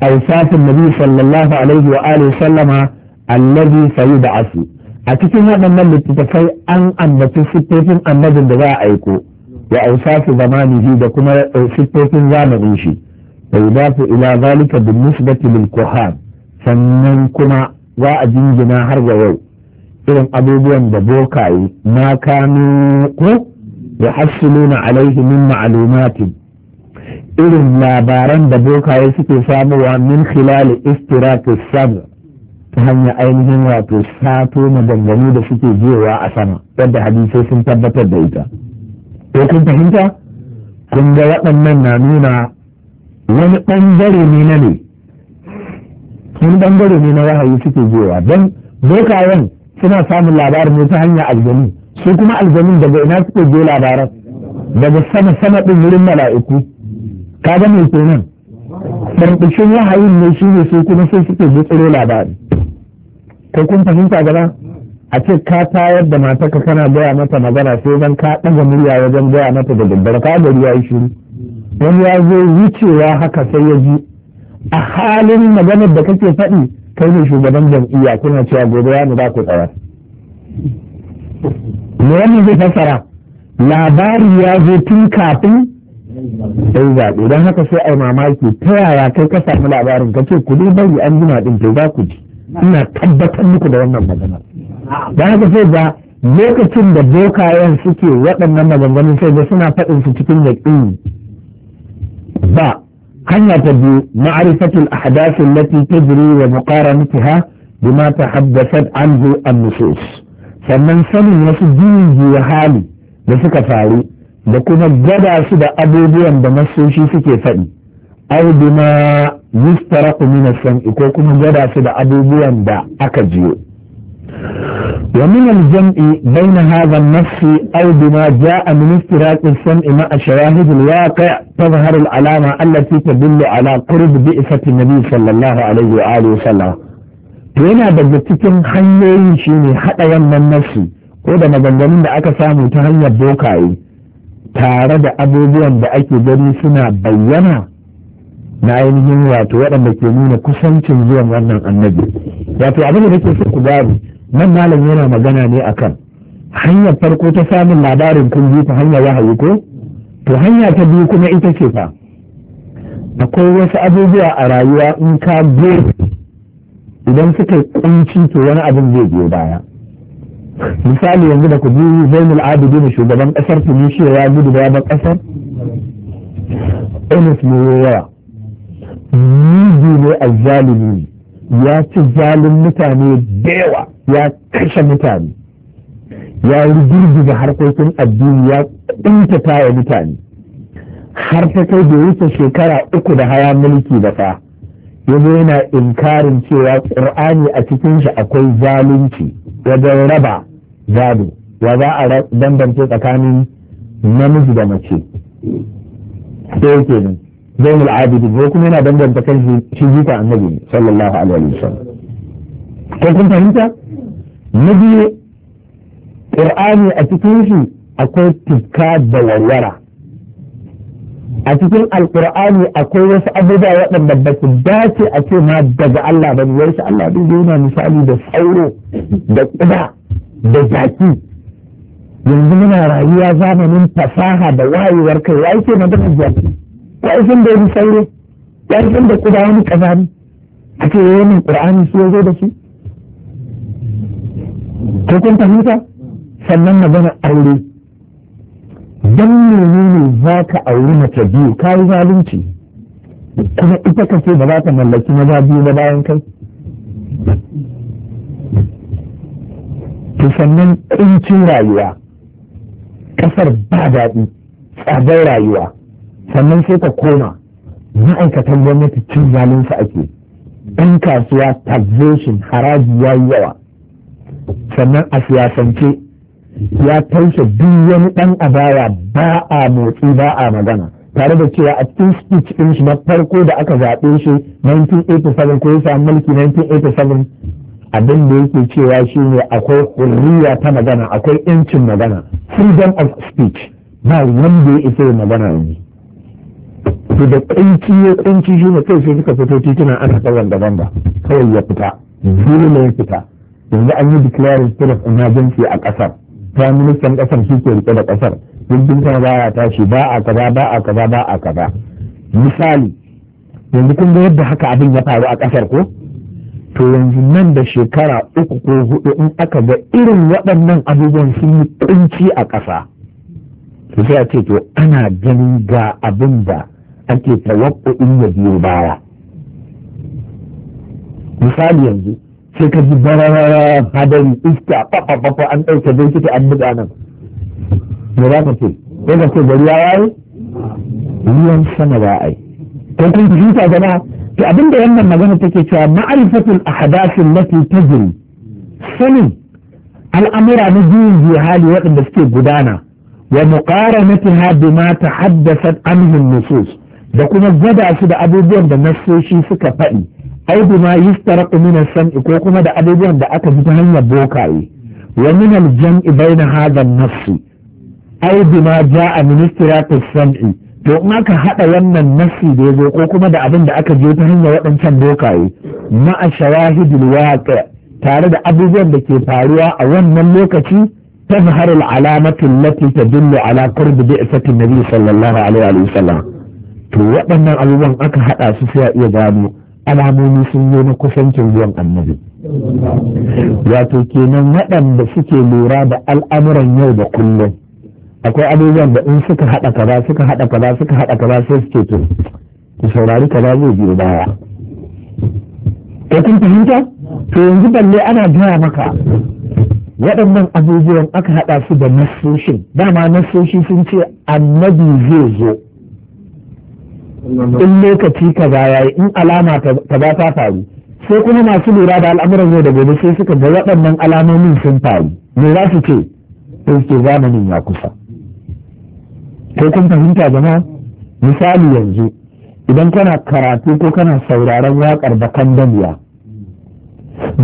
awsafin nabi sallallahu alaihi wa alihi sallama allazi sayub'asu a cikin waɗannan littattafai an ambaci siffofin annabin da za a aiko wa awsafu zamanihi da kuma siffofin zamanin shi wa yudafu ila zalika bin nisbati lil kuhan sannan kuma za a jingina har ga yau irin abubuwan da bokaye ma kanu ko ya hasiluna alaihi min ma'lumatin irin labaran da bokaye suke samuwa min khilali istiratis sam ta hanyar ainihin wato sato maganganu da suke jewa a sama yadda hadisai sun tabbatar da ita ko kun fahimta kun ga waɗannan na nuna wani ɓangare ne na ne wani ɓangare ne na wahayi suke jewa don bokayen suna samun labarin ne ta hanyar aljami su kuma aljamin daga ina suke je labaran daga sama sama ɗin wurin mala'iku ka ga me kenan barbishin wahayin ne shi ne su kuma sai suke tsoro labarin. ko kun fahimta gaba a ce ka tayar da ka kana gaya mata magana sai zan ka ɗaga murya wajen gaya mata da daddare ka gari ya yi shiru wani ya zo wucewa haka sai ya ji a halin maganar da kake faɗi kai ne shugaban jam'iyya kuna cewa gobe ya mu za ku tsawar me wannan zai fassara labari ya zo tun kafin sai zaɓe don haka sai ai mamaki ta yaya kai ka samu labarin ka ce ku bari an gina ɗin ke za ku ji ina tabbatar muku da wannan magana don haka sai ba lokacin da bokayen suke waɗannan maganganun sai da suna faɗin su cikin yaƙi ba hanya ta biyu ma'arifatul ahdath allati tajri wa muqaranatuha bima tahaddathat anhu an-nusus sannan sanin wasu juyin hali da suka faru da kuma gada su da abubuwan da masoshi suke faɗi au bima yustaraku min as-sam'i ko kuma gada su da abubuwan da aka jiyo ومن الجمع بين هذا النص أو بما جاء من اشتراك السمع مع شواهد الواقع تظهر العلامة التي تدل على قرب بئسة النبي صلى الله عليه وآله وسلم yana daga cikin hanyoyi shine haɗa wannan nasu ko da maganganun da aka samu ta hanyar bokaye tare da abubuwan da ake gani suna bayyana na ainihin wato waɗanda ke nuna kusancin zuwan wannan annabi wato abin da nake so ku gano nan malam yana magana ne akan hanyar farko ta samun labarin kun ta hanyar wahayi ko to hanya ta biyu kuma ita ce fa akwai wasu abubuwa a rayuwa in ka je idan suka kunci to wani abin zai biyo baya misali yanzu da ku bi zainul abidin shugaban kasar tunisia ya gudu da ya kasar enes yawa yi ne a zalimi ya ci zalin mutane da ya kashe mutane ya yi rigirgiza harkokin addini ya kuntata wa mutane har ta kai da wuce shekara uku da haya mulki da fa yanzu yana inkarin cewa ƙur'ani a cikin shi akwai zalunci wajen raba gado wa za a bambance tsakanin namiji da mace sai zainul abidin ko kuma yana danganta kan shi jika annabi sallallahu alaihi wasallam ko kun fahimta na biyu qur'ani a cikin akwai tukka da warwara a cikin alkur'ani akwai wasu abubuwa waɗanda ba dace a ce ma daga Allah ba ne Allah duk misali da sauro da ƙuda da zaki yanzu muna rayuwa zamanin fasaha da wayewar kai wai ce na daga zaki ya isin da yi sauro ya isin da wani kazani a ce yayin min qur'ani su da shi ko kun fahimta sannan magana aure dan ne za ka auri mace biyu ka yi zalunci kuma ita ka ce ba za ta mallaki maza biyu ba bayan kai to sannan ƙuncin rayuwa ƙasar ba daɗi tsadar rayuwa sannan sai ka koma ma'aikatan gwamnati cin zalunsa ake ɗan kasuwa taxation haraji ya yi yawa sannan a siyasance ya taushe duk wani ɗan adawa ba a motsi ba a magana tare da cewa a cikin speech ɗin shi na farko da aka zaɓe shi 1987 ko ya samu mulki 1987 abin da yake cewa shi ne akwai hurriya ta magana akwai 'yancin magana freedom of speech ba wanda ya isa magana yanzu to da tsanci ya shi ne kai sai suka fito tituna ana kawai daban ba kawai ya fita dole ya fita yanzu an yi declaring state of emergency a kasar ta minister kasar shi ke rike da kasar jirgin sama ba a tashi ba a kaza ba a kaza ba a kaza misali yanzu kun ga yadda haka abin ya faru a kasar ko to yanzu nan da shekara uku ko hudu in aka ga irin waɗannan abubuwan sun yi a ƙasa to sai a ce to ana ganin ga abin da ake tawakkuin ya biyo baya misali yanzu sai ka ji bararara hadari iska fafafafa an ɗauke bincike an buga nan me za ka ce sai ka ce gari ya yayi ruwan sama ba a yi kan kun fahimta jama'a to abinda wannan magana take cewa ma'arifatul ahadasin lati tajri sanin al'amura na juyin hali waɗanda suke gudana wa muqaranatiha bima tahaddathat anhu nusus da kuma gada shi da abubuwan da nassoshi suka faɗi ai bima yustaraqu min as-sam'i ko kuma da abubuwan da aka ji ta hanyar bokaye wa min al-jam'i bayna hadha an-nass ai bima ja'a min istiraqi sami to in aka hada wannan nassi da yazo ko kuma da abin da aka je ta hanyar waɗancan bokaye ma'a shawahidil waqi' tare da abubuwan da ke faruwa a wannan lokaci تظهر العلامة التي تدل على قرب بعثة النبي sallallahu alaihi wa sallam. to waɗannan abubuwan aka haɗa su sai a iya gano alamomi sun zo na kusancin zuwan annabi wato kenan waɗanda suke lura da al'amuran yau da kullum akwai abubuwan da in suka haɗa kaza suka haɗa kaza suka haɗa kaza sai suke to ku saurari kaza zai biyo baya ko kun fahimta to yanzu balle ana gaya maka waɗannan abubuwan aka haɗa su da nasoshin dama nassoshi sun ce annabi zai zo in lokaci kaza yayi in alama ta ba ta faru sai kuma masu lura da al'amuran yau da gobe sai suka ga waɗannan alamomin sun faru me za su ce sai suke zamanin ya kusa ko kun fahimta gama misali yanzu idan kana karatu ko kana sauraron waƙar da kandamiya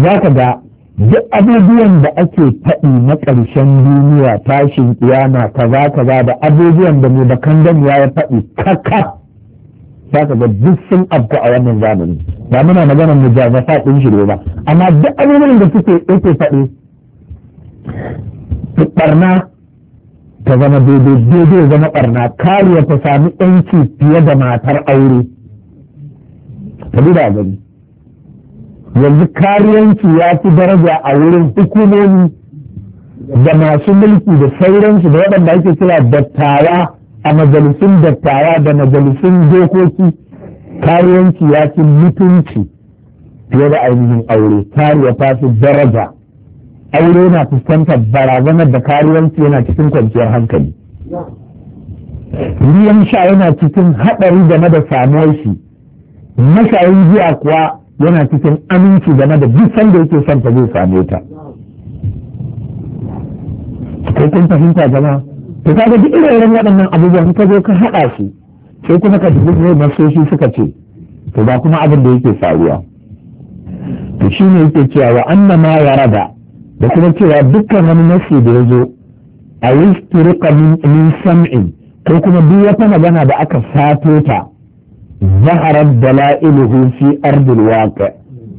za ka ga duk abubuwan da ake faɗi na ƙarshen duniya tashin kiyama kaza kaza da abubuwan da mai da kandamiya ya faɗi kakka. za ka ga duk sun afku a wannan zamani ba muna maganar mujazasa ɗin shirye ba amma duk abubuwan da suke yake faɗi barna ta zama daidai daidai zama barna kariya ta sami yanci fiye da matar aure ta da gani yanzu kariyanci ya fi daraja a wurin hukumomi da masu mulki da sauransu da waɗanda ake kira dattawa a majalisun dattawa da majalisun dokoki kariyanci ya fi mutunci fiye da ainihin aure kariya ta fi daraja aure na fuskantar barazanar da kariyanci yana cikin kwanciyar hankali ruwan sha yana cikin haɗari game da samuwar shi mashayin jiya kuwa yana cikin aminci game da duk sanda yake son ta zai same ta ko kun fahimta jama'a to kaga duk irin waɗannan abubuwan ka zo ka haɗa su sai kuma ka shiga zai masoshi suka ce to ba kuma abin da yake faruwa to shi ne yake cewa wa anna ma ya rada da kuma cewa dukkan wani nasi da ya zo a yistirika min sam'in ko kuma duk wata magana da aka sato ta zaharar dala'iluhu fi ardil waƙa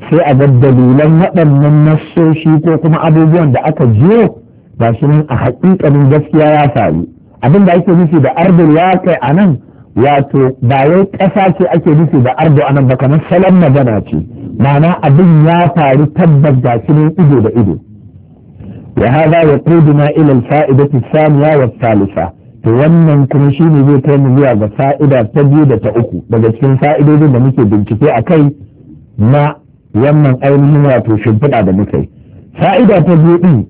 sai a ga dalilan waɗannan nasoshi ko kuma abubuwan da aka jiyo ba shi nan a haƙiƙanin gaskiya ya faru abin da ake nufi da ya Kai a nan wato ba wai ƙasa ce ake nufi da ardo a nan ba kamar salon magana ce ma'ana abin ya faru tabbas ga shi nan ido da ido ilil fa'ida إلى الفائدة wa salisa to wannan kuma shi ne zai kai mu ga fa'ida ta biyu da ta uku daga cikin fa'idodin da muke bincike a kai na wannan ainihin wato shimfiɗa da muka yi fa'ida ta biyu ɗin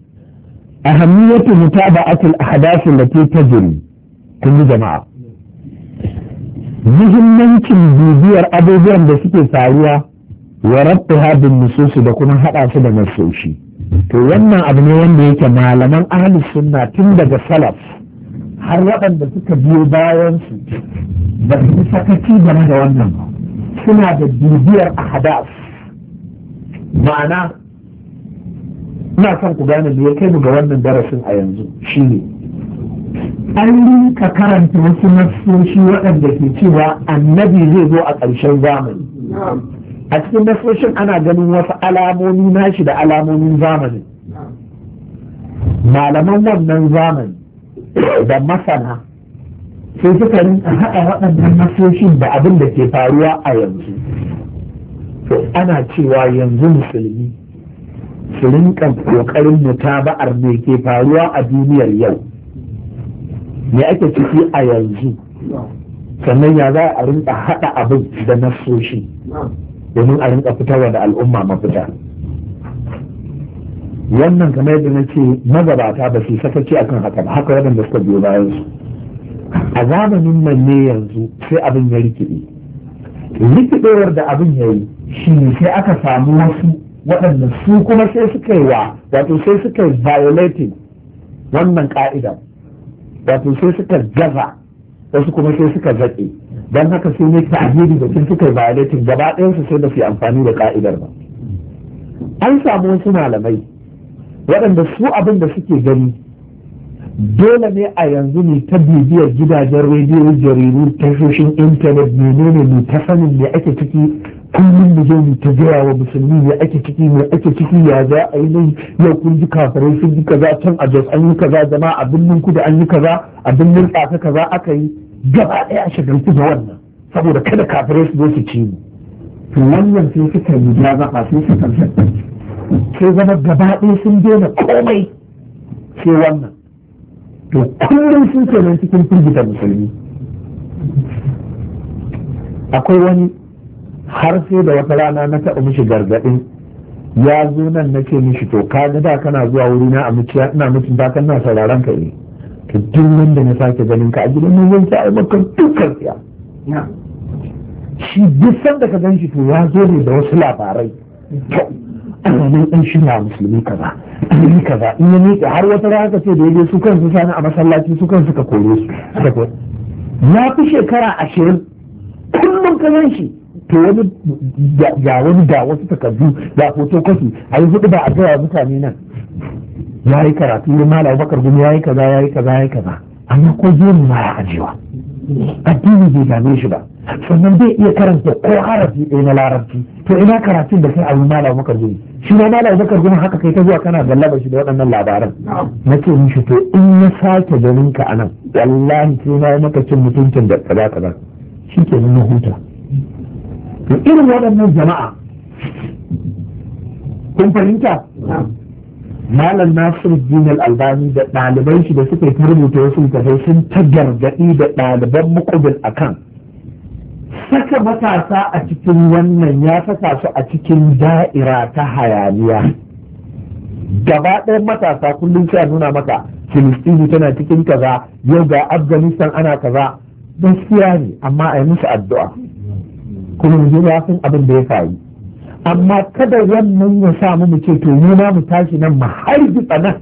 ahammiyatu mutaba'atul ahdath ta jiri kun jama'a muhimmancin bibiyar abubuwan da suke faruwa wa rabbaha bin nusus da kuma haɗa su da nasoshi to wannan abu ne wanda yake malaman ahlus sunna tun daga salaf har waɗanda suka biyo bayan su ba su sakaci game da wannan ba suna da bibiyar ahadas ma'ana ina son ku gane da ya kai mu ga wannan darasin a yanzu shine an rinka karanta wasu nasoshi waɗanda ke cewa annabi zai zo a ƙarshen zamani a cikin nasoshin ana ganin wasu alamomi nashi da alamomin zamani malaman wannan zamani da masana sai suka rinka haɗa waɗannan nasoshin da abin da ke faruwa a yanzu to ana cewa yanzu musulmi su rinka kokarin mutaba'ar me ke faruwa a duniyar yau me ake ciki a yanzu sannan ya za a rinka haɗa abin da nasoshi domin a rinka fitarwa da al'umma mafita wannan kamar yadda na ce magabata ba su sakaci akan haka ba haka waɗanda suka biyo bayan su a zamanin nan ne yanzu sai abin ya rikide rikidewar da abin ya yi shi ne sai aka samu wasu waɗanda su kuma sai suka yi wa wato sai suka yi violating wannan ka'idan wato sai suka gaza wasu kuma sai suka zaƙe don haka sai ne ta'adiri da sun suka yi violating gaba ɗayansu sai da su yi amfani da ƙa'idar ba an samu wasu malamai waɗanda su abin da suke gani dole ne a yanzu ne ta bibiyar gidajen rediyo jaridu tashoshin intanet menene ne ta sanin me ake ciki kullum da zai mu ta gaya wa musulmi ya ake ciki mai ake ciki ya za a yi nan yau kun ji kafirai sun yi kaza can a jos an yi kaza zama a birnin kudu an yi kaza a birnin tsaka kaza aka yi gaba ɗaya a shagaltu da wannan saboda kada kafirai su zo su ci mu to wannan sai suka yi jazafa sai suka sai zama gaba ɗaya sun daina komai sai wannan to kullum sun nan cikin firgita musulmi akwai wani har sai da wata rana na taɓa mishi gargaɗin ya zo nan nake mishi to ka ga da kana zuwa wuri na a muciya ina mutum da kan sauraron ka ne to duk wanda na sake ganin ka a gidan nan zan ta maka dukkan ya shi duk sanda ka gan shi to ya zo ne da wasu labarai to alamun ɗan na musulmi kaza musulmi kaza in ya ne har wata rana ce da yaje su kansu sani a masallaci su kansu ka kore su ya fi shekara ashirin kullum ka gan shi to wani ga wani da wasu takardu da hoto kasu a yi hudu ba a gaya mutane nan ya yi karatu ya mala bakar gumi ya yi kaza ya yi kaza ya yi kaza amma ko zuwan ma ya ajiyewa addini bai dame shi ba sannan bai iya karanta ko harafi ɗaya na larabci to ina karatun da kai abu mala bakar gumi shi ma mala bakar gumi haka kai ta zuwa kana gallaba shi da waɗannan labaran na ce mishi to in ya sake ganin ka anan wallahi sai na maka cin mutuncin da kaza kaza shi ke nuna huta to irin waɗannan jama'a kun fahimta malam nasiru dinar albani da ɗaliban shi da suka yi ta rubuta wasu littattafai sun ta gargaɗi da ɗaliban a kan. saka matasa a cikin wannan ya saka su a cikin da'ira ta hayaniya gaba ɗaya matasa kullum sai nuna maka filistini tana cikin kaza yau ga afghanistan ana kaza gaskiya ne amma a yi musu addu'a kuma mu ya san abin da ya faru amma kada wannan ya sa mu ce to mu ma mu tashi nan mu har nan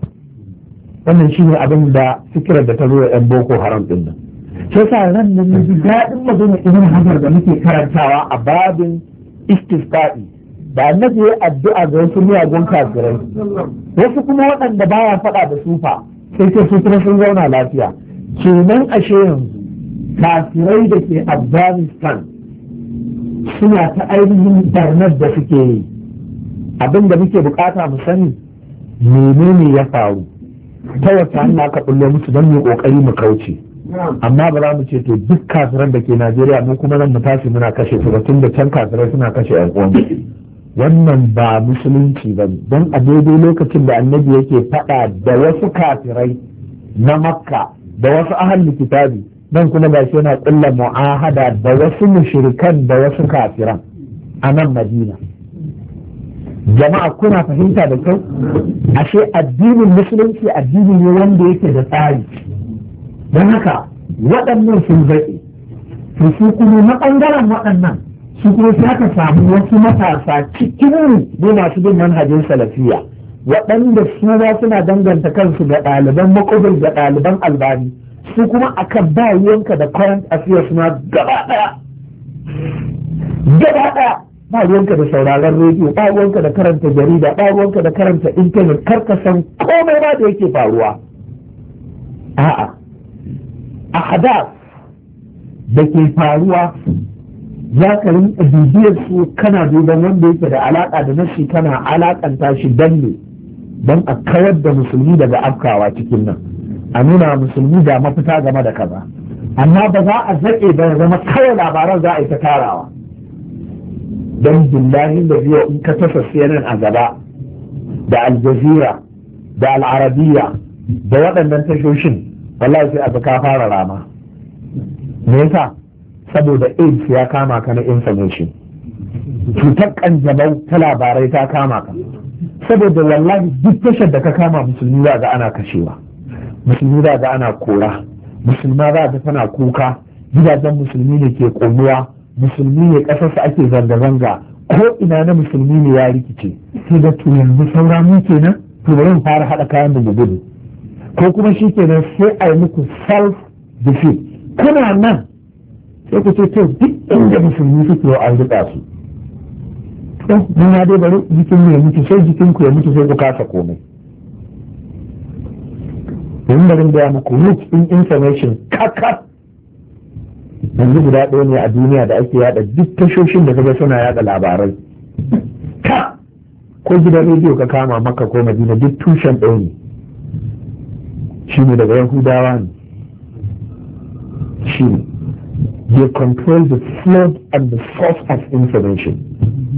wannan shine abin da fikirar da ta zo da yan boko haram din nan sai sa ran nan ji daɗin magana irin hajar da muke karantawa a babin istisqa'i da annabi ya addu'a ga wasu miyagun kafirai wasu kuma waɗanda baya faɗa da sufa sai ce su kuma sun zauna lafiya kenan ashe yanzu kafirai da ke afghanistan suna ta ainihin barnar da suke yi abin da muke bukata mu sani menene ya faru ta wata hannu aka ɓullo musu don mu kokari mu kauce amma ba za mu ce to duk kafiran da ke najeriya mu kuma nan mu tashi muna kashe su tun da can kafirai suna kashe yan uwan wannan ba musulunci ba don a daidai lokacin da annabi yake faɗa da wasu kafirai na makka da wasu ahal kitabi nan kuma gashi yana ƙulla mu'ahada da wasu mushrikan da wasu kafiran a nan madina jama'a kuna fahimta da kyau ashe addinin musulunci addini ne wanda yake da tsari don haka waɗannan sun zaƙi to su kuma na ɓangaren waɗannan su kuma sai aka samu wasu matasa cikin ne masu bin manhajin salafiya waɗanda su ba suna danganta kansu ga ɗaliban makubul ga ɗaliban albani su kuma a kan bayanka da current affairs ma gaba daya gaba daya ba ruwanka da sauraron rediyo ba ruwanka da karanta jarida ba ruwanka da karanta intanet kar ka san komai ba da yake faruwa a'a hada da ke faruwa za ka bibiyar su kana duban wanda yake da alaka da nashi kana alakanta shi dan ne don a kawar da musulmi daga afkawa cikin nan a nuna musulmi da mafita game da kaza amma ba za a zaƙe ba ya zama kawai labaran za a yi ta tarawa don billahi da biyo in ka tasa CNN a gaba da Al da Al Arabiya da waɗannan tashoshin wallahi sai a ka fara rama me yasa saboda AIDS ya kama ka na information cutar kanjamau ta labarai ta kama ka saboda wallahi duk tashar da ka kama musulmi za ga ana kashewa musulmi za ga ana kora musulma za ga tana kuka gidajen musulmi ne ke ƙonuwa musulmi ne ƙasarsa ake zanga-zanga ko ina na musulmi ne ya rikice sai da to yanzu saura mu kenan to bari fara haɗa kayan da gudu ko kuma shi kenan sai a yi muku self defeat kuna nan sai ku ce to duk inda musulmi suke an riƙa su to dai bari jikin ya mutu sai jikin ku ya mutu sai ku kasa komai domin barin da muku rich in information kaka yanzu guda ɗaya ne a duniya da ake yada duk tashoshin da kaga suna yada labarai ka ko gidan rediyo ka kama maka ko madina duk tushen ɗaya ne shi ne daga yahudawa ne shi ne control the flow and the source of information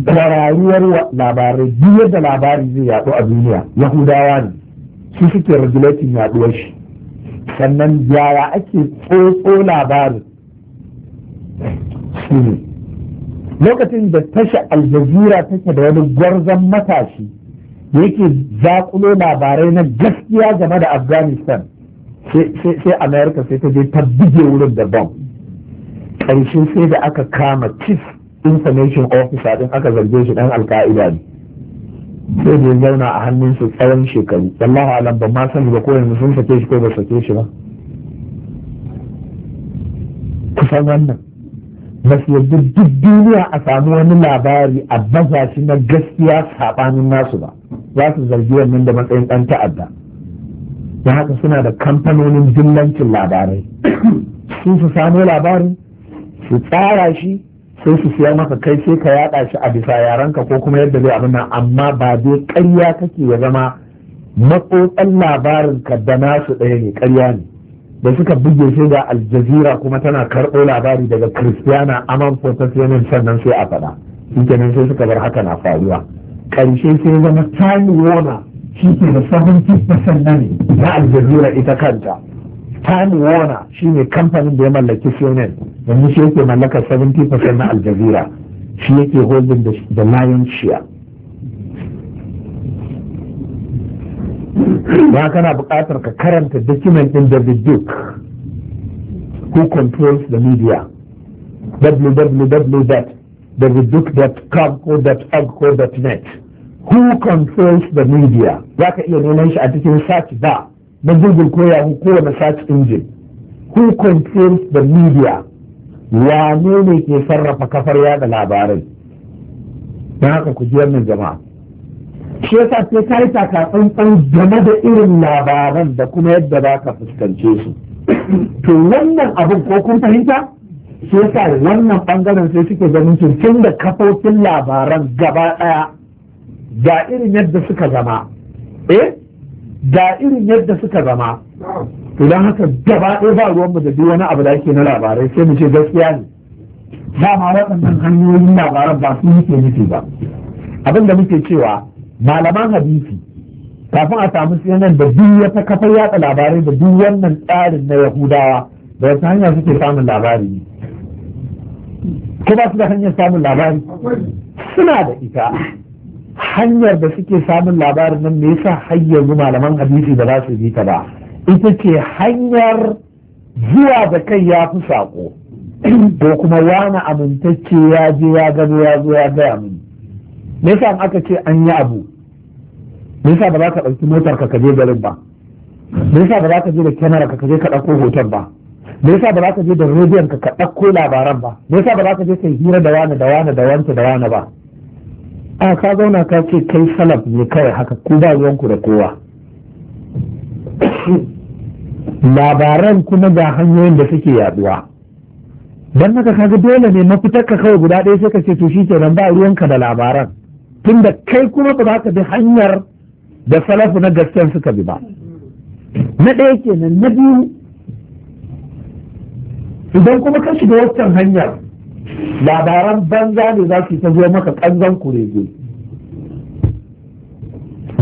kwararuwar labarai duk yadda labari zai yaɗu a duniya yahudawa ne su suke regulating yaduwar shi sannan yaya ake tsotso labarin su ne lokacin da tasha aljazira take da wani gwarzon matashi yake zakulo labarai na gaskiya game da afghanistan sai america sai ta je ta buge wurin da bom ƙarshe sai da aka kama chief information officer din aka zarge shi dan alka'ida ne sai da ya zauna a hannun su tsawon shekaru wallahu alam ban ma sani ba ko yanzu sun sake shi ko ba sake shi ba kusan wannan ba su yarda duk duniya a samu wani labari a baza shi na gaskiya saɓanin nasu ba za su zargi wannan da matsayin dan ta'adda don haka suna da kamfanonin dillancin labarai Sun su samo labarin su tsara shi sai su siya maka kai sai ka yaɗa shi a bisa yarenka ko kuma yadda zai abin nan amma ba dai ƙarya kake ya zama matsotsan labarin ka da nasu ɗaya ne ƙarya ne da suka buge shi ga aljazira kuma tana karɓo labari daga kiristiyana aman protestanin sannan sai a faɗa shi sai suka bar haka na faruwa ƙarshe sai zama tayi wona shi ke da 70% na sannan na aljazira ita kanta time warner shine kamfanin da ya mallaki cnn yanzu shi yake mallaka 70% na aljazeera shi yake holding the lion share ba kana buƙatar ka karanta document ɗin David Duke who controls the media www.davidduke.com ko .org ko .net who controls the media za ka iya neman shi a cikin search bar na jirgin ko ku ko wani search engine who controls the media ya ne ke sarrafa kafar yada labarai don haka ku ji wannan jama'a shi yasa sai ka yi takatsantsan game da irin labaran da kuma yadda za ka fuskance su to wannan abin ko kun fahimta shi yasa wannan bangaren sai suke ganin tun da kafofin labaran gaba daya ga irin yadda suka zama eh da irin yadda suka zama to haka gaba ɗaya ba ruwanmu da duk wani abu da ake na labarai sai mu ce gaskiya ne ma waɗannan hanyoyin labaran ba su muke nufi ba abin da muke cewa malaman hadisi kafin a samu CNN da duk ta kafar yatsa labarai da duk wannan tsarin na yahudawa da wata hanya suke samun labari ne ko ba su da hanyar samun labari suna da ita hanyar da suke samun labarin nan me yasa har yanzu malaman hadisi ba za su bi ta ba ita ce hanyar zuwa da kai ya fi sako ko kuma wani amintacce ya je ya gano ya zo ya gaya mini me yasa aka ce an yi abu me yasa ba za ka ɗauki motar ka kaje garin ba me yasa ba za ka je da kyamara ka kaje ka ɗauko hoton ba me yasa ba za ka je da rediyon ka ka ɗauko labaran ba me yasa ba za ka je ka hira da wani da wani da wani da wani ba a ka zauna ka ce kai salaf ne kawai haka ku ba ruwanku da kowa (coughs) labaran kuma ga hanyoyin da suke yaduwa don haka kaga dole ne mafitar ka kawai guda ɗaya sai ka ce to shi kenan ba ruwanka da labaran tunda kai kuma ba za ka bi hanyar da salafu na gasken suka bi ba na ɗaya kenan na biyu idan kuma ka shiga wancan hanyar labaran banza ne za su ta zo maka ƙanzan kurege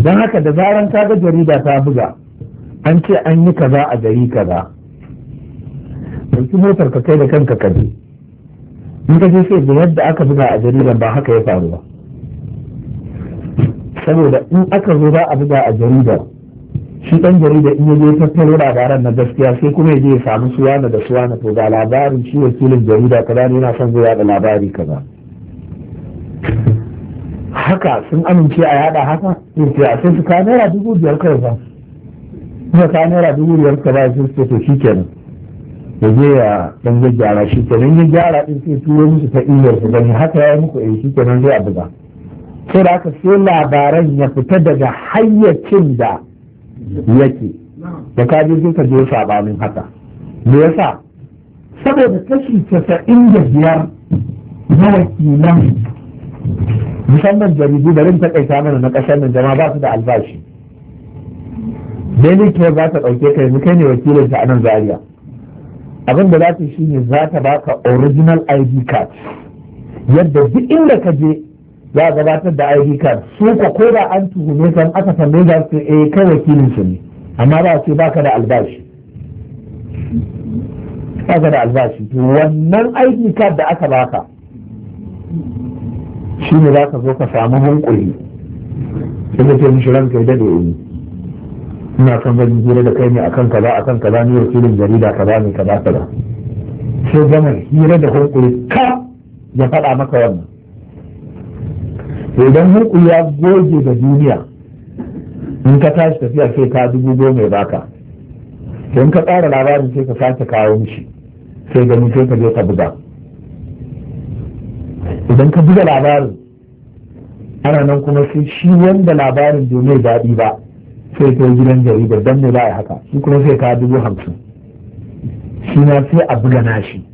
don haka da zaran ka ga jarida ta buga an ce an yi kaza a gari kaza ɗauki motar ka kai da kanka ka je in ka je sai da yadda aka buga a jaridan ba haka ya faru ba saboda in aka zo za a buga a jaridar shi dan jarida in yaje tattaro labaran na gaskiya sai kuma yaje ya samu suwana da suwana to ga labarin shi wakilin jarida kaza ne yana son zai yada labari kaza haka sun amince a yada haka sai a sai su ka naira dubu biyar kai ba kuma ka naira dubu biyar ka ba sun ce to shikenan ya je ya dan gyara shi kenan ya gyara din sai turo musu ta iyar su gani haka ya yi muku eh nan zai abu ba. sai da haka sai labaran ya fita daga hayyacin da yake da kaji sun ka je sabanin haka me yasa saboda kashi casa'in da biyar na wakilan musamman jaridu bari ta kaita mana na kasar nan jama'a ba su da albashi daily care za ta ɗauke kai yanzu kai ne wakilin ta anan zaria abin da za ta shi ne za ta baka original id card yadda duk inda ka je za a gabatar da ID card su ka ko da an tuhume san aka tambaye za su eh kai wakilin su ne amma ba ce baka da albashi baka da albashi to wannan ID card da aka baka shi ne za ka zo ka samu hankuli sai ka ce mishi ranka ya dade ni ina kan zan hira da kai ne akan kaza akan kaza ni wakilin jarida kaza ne kaza kaza sai zama hira da hankuli ka ya faɗa maka wannan to idan hulku ya goge da duniya in ka tashi tafiya sai ka dubu goma ya baka to in ka tsara labarin sai ka sake kawo mishi sai gani sai ka je ka buga idan ka buga labarin ana nan kuma sai shi wanda labarin bai mai daɗi ba sai ta gidan jaridar don ne ba haka shi kuma sai ka dubu hamsin shi na sai a buga nashi